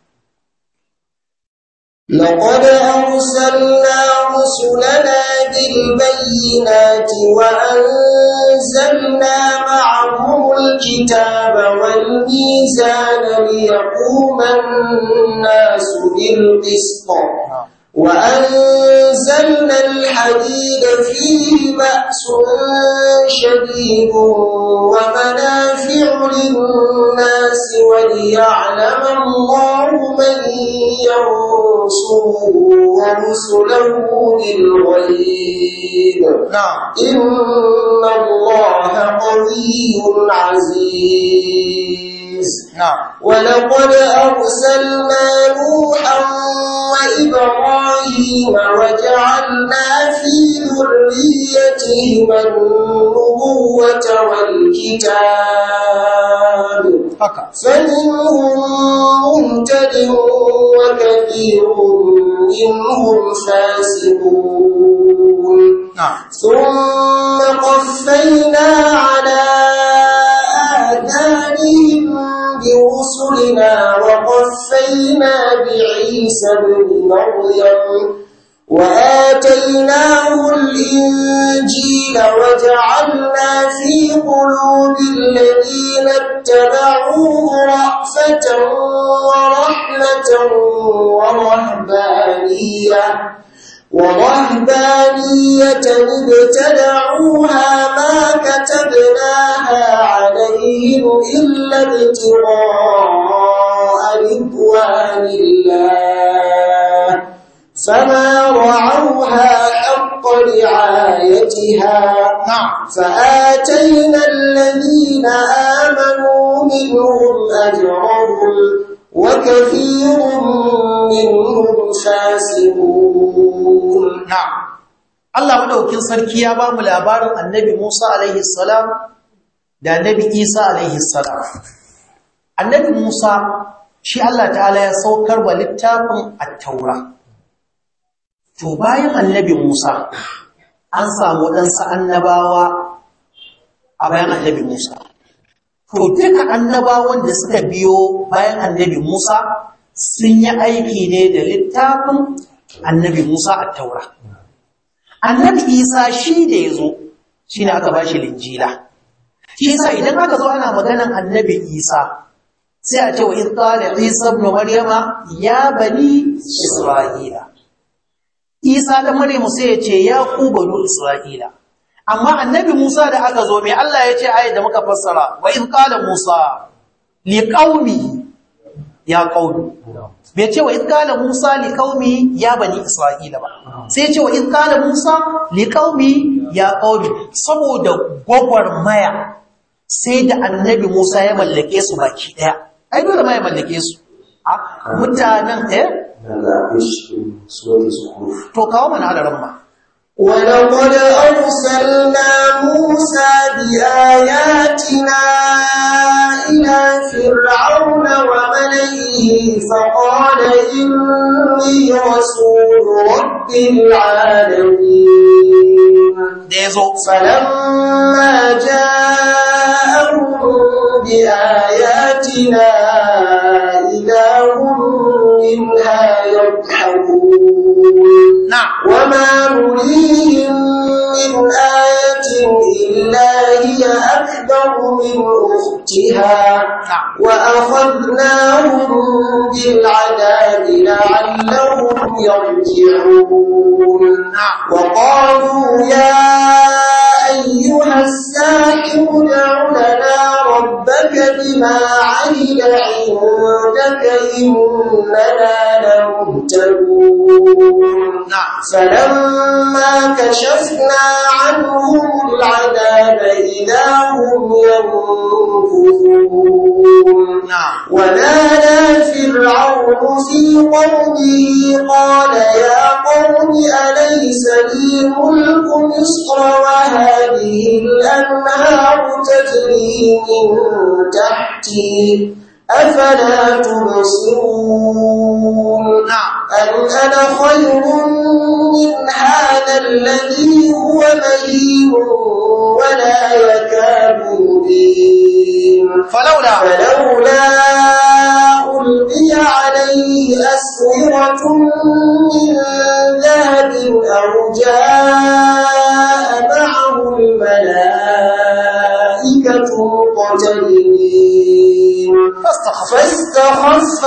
لقد أرسلنا رسلنا بالبينات وأنزلنا معهم الكتاب والميزان ليقوم الناس بالقسط وأنزلنا الحديد فيه بأس شديد ومنافع للناس وليعلم الله من ينصره ورسله للغيب نعم إن الله قوي عزيز نعم. ولقد أرسلنا نوحا وإبراهيم وجعلنا في ذريتهما النبوة والكتاب فمنهم مهتد وكثير منهم فاسقون نعم ثم قفينا على آتيهم برسلنا وقفينا بعيسى بن مريم وآتيناه الإنجيل وجعلنا في قلوب الذين اتبعوه رأفة ورحمة ورهبانية ورهبانية ابتدعوها ما كتبناها عليهم إلا ابتغاء رضوان الله فما رعوها حق رعايتها نعم. فآتينا الذين آمنوا منهم أجرهم وكثير منهم Allah madaukin sarki ya ba mu labarin Annabi Musa alaihi salam da Annabi Isa alaihi salam Annabi Musa shi Allah ta'ala ya saukar wa littafin Attaura. to bayan Annabi Musa an samu ɗansa annabawa a bayan Annabi Musa to duka annabawan da suka biyo bayan annabi Musa sun yi aiki ne da littafin annabi Musa a taura. Annabi Isa shi da ya zo shi ne aka ba shi linjila. Isa idan aka zo ana maganan annabi Isa sai a ce wa Isra Isa ibn Maryama ya bani Isra'ila. Isa da Maryamu sai ya ce ya ku banu Isra'ila. amma annabi Musa da aka zo mai Allah ya ce ayi da muka fassara wa in qala Musa li qaumi ya qaumi bai ce wa in qala Musa li qaumi ya bani Isra'ila ba sai ya ce wa in qala Musa li qaumi ya qaumi saboda gwagwarmaya sai da annabi Musa ya mallake su baki daya ai dole ma ya mallake su ah, mutanen eh to kawo mana hadarin ma ولقد أرسلنا موسى بآياتنا إلى فرعون وملئه فقال إني رسول رب العالمين فلما جاءهم بآياتنا إلى هم منها يضحكون نعم. وما نريهم من آية إلا هي أكبر من أختها نعم. وأخذناهم بالعذاب لعلهم يرجعون نعم. وقالوا يا أيها الساحر دع لنا ربك بما عندك إننا لمهتدون فلما كشفنا عنهم العذاب إذا هم ينفذون ونادى نعم. فرعون نعم. في قومه قال يا قوم أليس لي ملك مصر وهذه الأنهار تجري من تحتي أفلا تبصرون نعم. أم أنا خير من هذا الذي هو مهين ولا يكاد مبين فلولا فلولا ألقي عليه أسورة من ذهب أو جاء معه الملائكة مقترنين فاستخف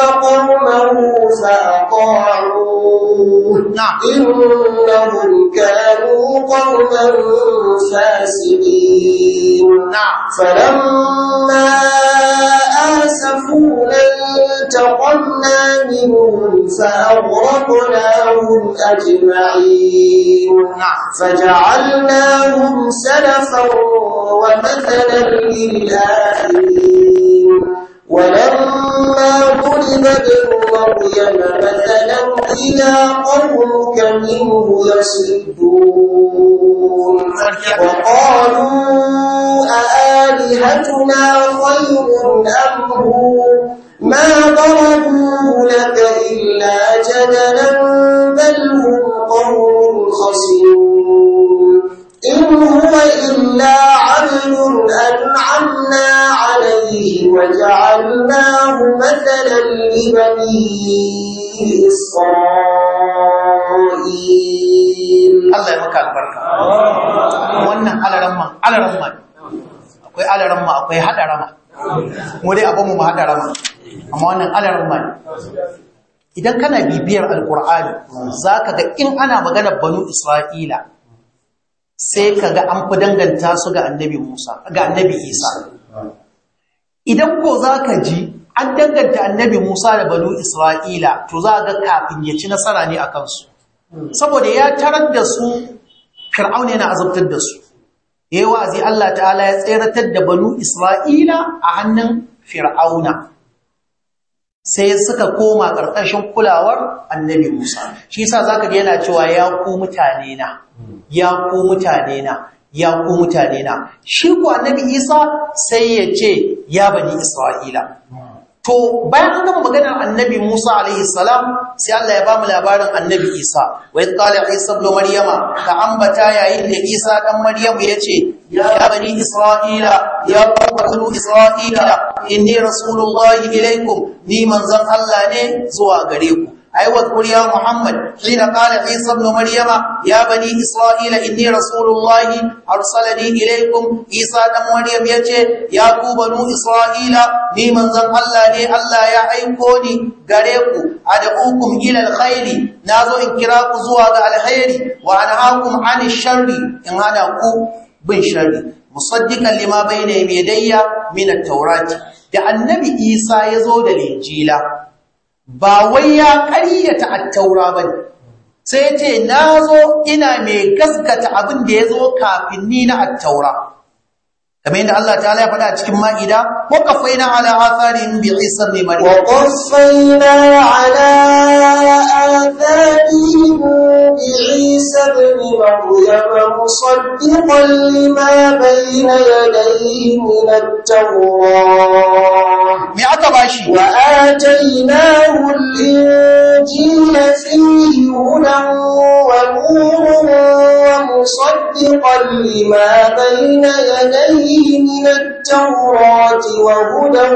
قومه فأطاعوه نعم إنهم كانوا قوما فاسقين نعم فلما آسفونا انتقمنا منهم فأغرقناهم أجمعين نعم فجعلناهم سلفا ومثلا للآخرين ولما ضرب ابن مريم مثلا إذا قومك منه يصدون وقالوا أآلهتنا خير أم هو ما ضربوه لك إلا جدلا وجعلناه مثلا لبني إسرائيل الله يبقى البركة wannan alaramma alaramma akwai alaramma akwai hadarama mu dai abin mu ba hadarama amma wannan alaramma idan kana bibiyar alkur'ani zaka ga in ana magana banu isra'ila sai kaga an fi danganta su ga annabi Musa ga annabi Isa idan ko za ka ji an danganta annabi musa da banu isra'ila to za ga kafin ya ci nasara ne a kansu saboda ya tarar da su fir'auna yana azabtar da su yayi wa'azi Allah ta'ala ya tseratar da banu isra'ila a hannun fir'auna sai suka koma ƙarƙashin kulawar annabi Musa shi yasa zaka ga yana cewa ya ku mutane na ya ku mutane na ya ku mutane na shi ku annabi isa sai ya ce ya bani isra'ila to bayan an gama maganar annabi musa alaihi salam sai allah ya ba mu labarin annabi isa Wai kala isa ibn maryama ka ambata yayin da isa dan maryamu yace يا ya إسرائيل يا Isra'ila. بنو isra'ila inni rasulullahi ilaikum ni ني Allah ne zuwa gare ku. aiwat kuriya muhammad hina qala isa ibn maryama ya bani isra'ila inni rasulullah arsalani ilaykum isa dan maryam yace ya ku banu isra'ila ni manzan allah ne allah ya aiko ni gare ku A da gilal ad'ukum na zo in kira ku zuwa ga alheri. wa anahaakum ani sharri in hana ku bin sharri Musaddikan Limamai ne yadayya dayya, at-taurat da annabi isa yazo da linjila ba wai ya ƙaryata attaura ba sai ce na zo ina mai gaskata abin da ya zo kafin ni na attaura kamar yadda Allah ta ya faɗa a cikin ma'ida wa qaffayna ala atharihim bi isa ibn maryam wa qaffayna ala atharihim bi isa ibn maryam musaddiqan lima bayna yadayhi min at-tawrah me aka bashi wa ataynahu al-injila fihi hudan wa nurun wa musaddiqan lima bayna yadayhi فيه من التوراة وهدى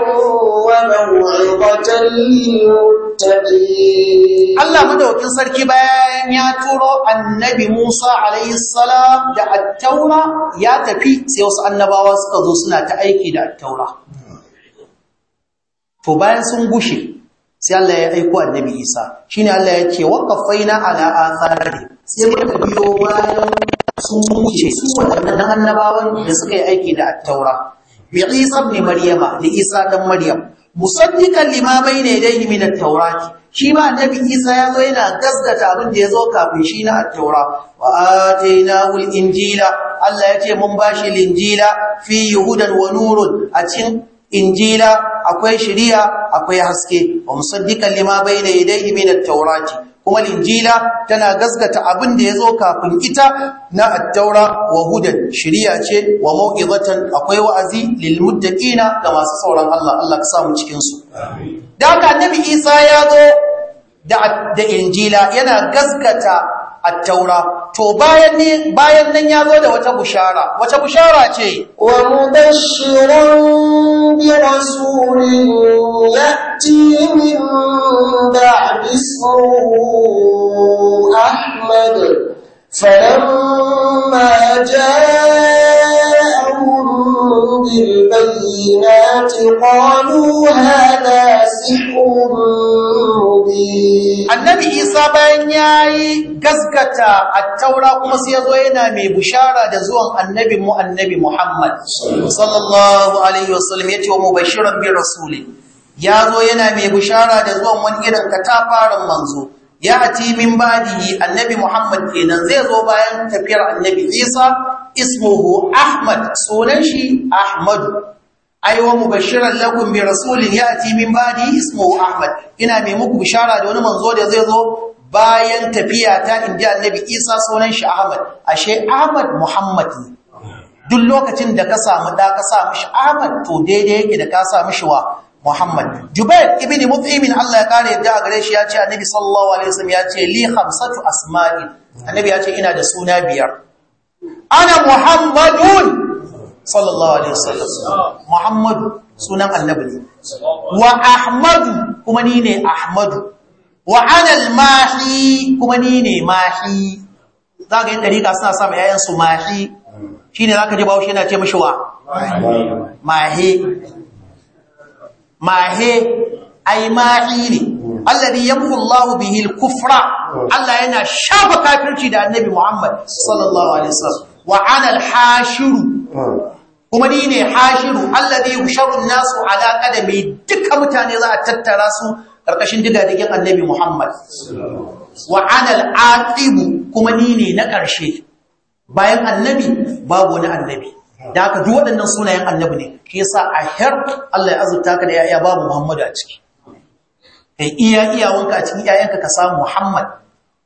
وموعظة للمتقين الله مدوكين سركي بيان يا تورو النبي موسى عليه السلام دا التوراة يا تفي سيوس النباوة سكذو سنة تأيكي دا التوراة فبان سنقشي sai Allah ya aiko annabi Isa shine Allah ya ce waqafaina ala athari sai muka biyo bayan sun wuce su waɗannan annabawan da suka yi aiki da attaura bi isa ibn maryama da isa dan maryam musaddiqan lima bayna yadayhi min at-taurati shi ma annabi isa ya zo yana gaskata abin da ya zo kafin shi na at-taura wa atainahu al-injila Allah ya ce mun bashi linjila fi yuhudan wa nurun a cikin injila akwai shari'a akwai haske wa musaddiqan lima bayna yadayhi min at-taurati kuma linjila tana gaskata abin da ya zo kafin ita na attaura wa hudan Shirya ce wa mau'izatan akwai wa'azi lil muttaqina ga masu tsoron Allah Allah ka samu cikin su da haka annabi Isa ya zo da da injila yana gasgata at-taura to bayan nan ya zo da wata bushara wata bushara ce wa mubashiran bi rasulin yati min ba'di ismuhu ahmad فلما جاءهم بالبينات قالوا هذا سحر Annabi Isa bayan ya yi gaskata a taura kuma sai ya zo yana mai bushara da zuwan annabi mu annabi Muhammad sallallahu alaihi wasallam yace wa bin bi Ya zo yana mai bushara da zuwan wani irin katafaran manzo ya ati min annabi Muhammad kenan zai zo bayan tafiyar annabi Isa ismuhu Ahmad sunan shi Ahmad aywa mubashiran lakum bi rasulin yati min badihi ismuhu Ahmad ina mai muku bishara da wani manzo da zai zo bayan tafiya ta inda annabi Isa sunan shi Ahmad ashe Ahmad Muhammad ne duk lokacin da ka samu da ka samu shi Ahmad to daidai yake da ka samu shi wa Muhammad Jubair ibn Mut'im Allah ya kare yadda a gare shi ya ce Annabi sallallahu alaihi wasallam ya ce li khamsatu asma'i Annabi ya ce ina da suna biyar Ana Muhammadun sallallahu alaihi wasallam Muhammadu sunan Annabi ne wa Ahmadu kuma ni ne Ahmadu wa ana al-mahi kuma ni ne mahi zaka yin dariƙa suna sa mai yayan su mahi shine zaka ji bawo shi yana ce mishi wa mahi mahe ai ma'i ne alladhi yamhu Allahu bihi al-kufra Allah yana shafa kafirci da annabi Muhammad sallallahu alaihi wasallam wa ana al-hashiru kuma ni ne hashiru alladhi yusharu an-nasu ala qadami duka mutane za a tattara su karkashin didadikin annabi Muhammad wa ana al kuma ni ne na karshe bayan annabi babu wani annabi da haka duk waɗannan sunayen annabi ne ke sa a her Allah ya azurta ka da ya'ya babu Muhammadu a ciki da iya iyawanka a cikin ‘ya'yanka ka samu Muhammad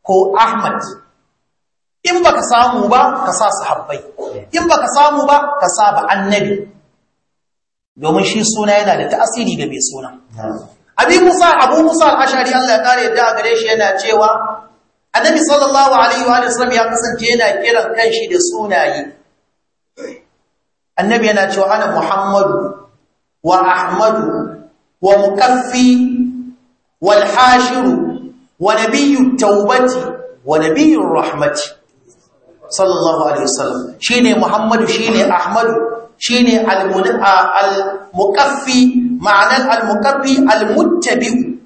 ko Ahmad in ba ka samu ba ka sa sahabbai in ba ka samu ba ka sa ba annabi domin shi suna yana da ta'asiri ga mai suna abi musa abu musa al-ashari Allah ya kare yadda gare shi yana cewa annabi sallallahu alaihi wa sallam ya kasance yana kiran kanshi da sunaye annabi yana cewa ana muhammadu wa ahmadu wa mukaffi wal hashiru wa nabiyyu taubati wa nabiyyu rahmati sallallahu alaihi wasallam shine muhammadu shine ahmadu shine al mukaffi ma'anar al mukaffi al muttabi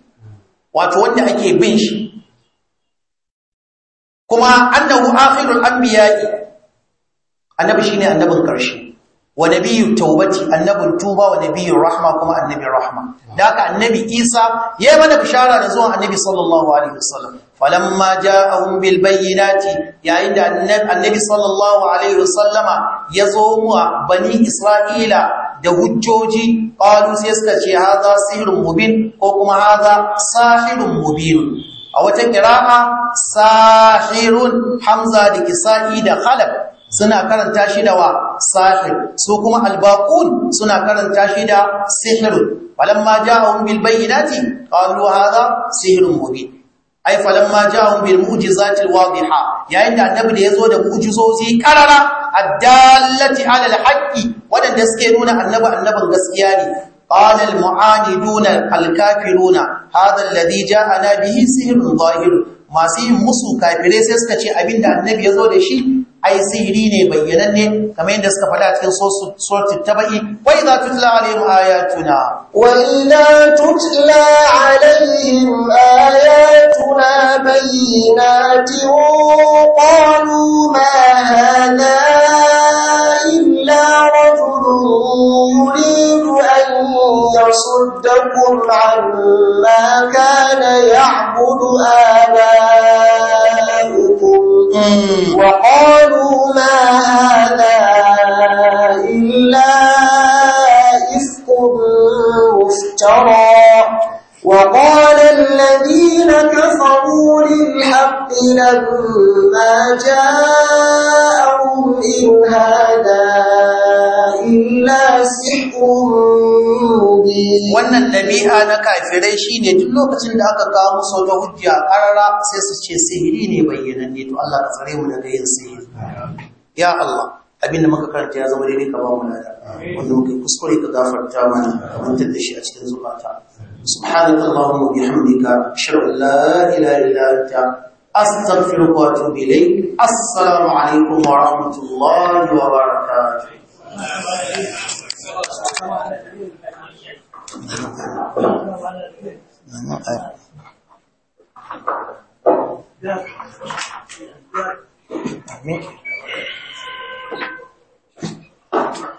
wato wanda ake bin shi kuma annahu akhirul anbiya'i annabi shine annabin karshe wa nabiyyu tawbati annabin tuba wa nabiyyu rahma kuma annabin rahma da haka annabi isa ya mana bishara da zuwa annabi sallallahu alaihi wasallam falamma ja'ahum bil bayyinati yayin da annabi sallallahu alaihi wasallama ya zo mu bani isra'ila da hujjoji qalu sai suka ce hadha sihrun mubin ko kuma hadha sahirun mubin a wata qira'a sahirun hamza da isa'i da khalaf suna karanta shi da wa sahir su kuma albaqun suna karanta shi da sihir falamma ja'ahum bil bayyinati qalu hadha sihrun mubin ai falamma ja'ahum bil mu'jizati al wadiha yayin da annabi da yazo da mu'jizozi karara addallati ala al haqqi wadanda suke nuna annabi annabin gaskiya ne قال المعاندون الكافرون هذا الذي جاءنا sihirin سحر ظاهر masu yin musu kafirai sai suka ce abinda annabi ya zo da shi ai sihiri ne bayyananne kamar yadda suka faɗa cikin suratul tabai wa idza tutla alaihim ayatuna wa idza tutla alaihim ayatuna bayyinatin qalu ma hada illa rajulun yuridu an yasuddakum amma kana ya'budu abaa وقالوا ما هذا إلا إفق مفترى وقال الذين كفروا للحق لما جاءهم إن هذا إلا سحر wannan ɗabi'a na kafirai shi ne duk lokacin da aka kawo musu na hujja karara sai su ce sihiri ne bayyananne to Allah ka tsare mu daga yin sihiri ya Allah abin da muka karanta ya zama daidai ka ba mu nada. wanda muka kuskure ka gafarta mana ka mantar da shi a cikin zukata سبحانك اللهم وبحمدك اشهد ان لا اله الا انت استغفرك واتوب اليك السلام عليكم ورحمه الله وبركاته you.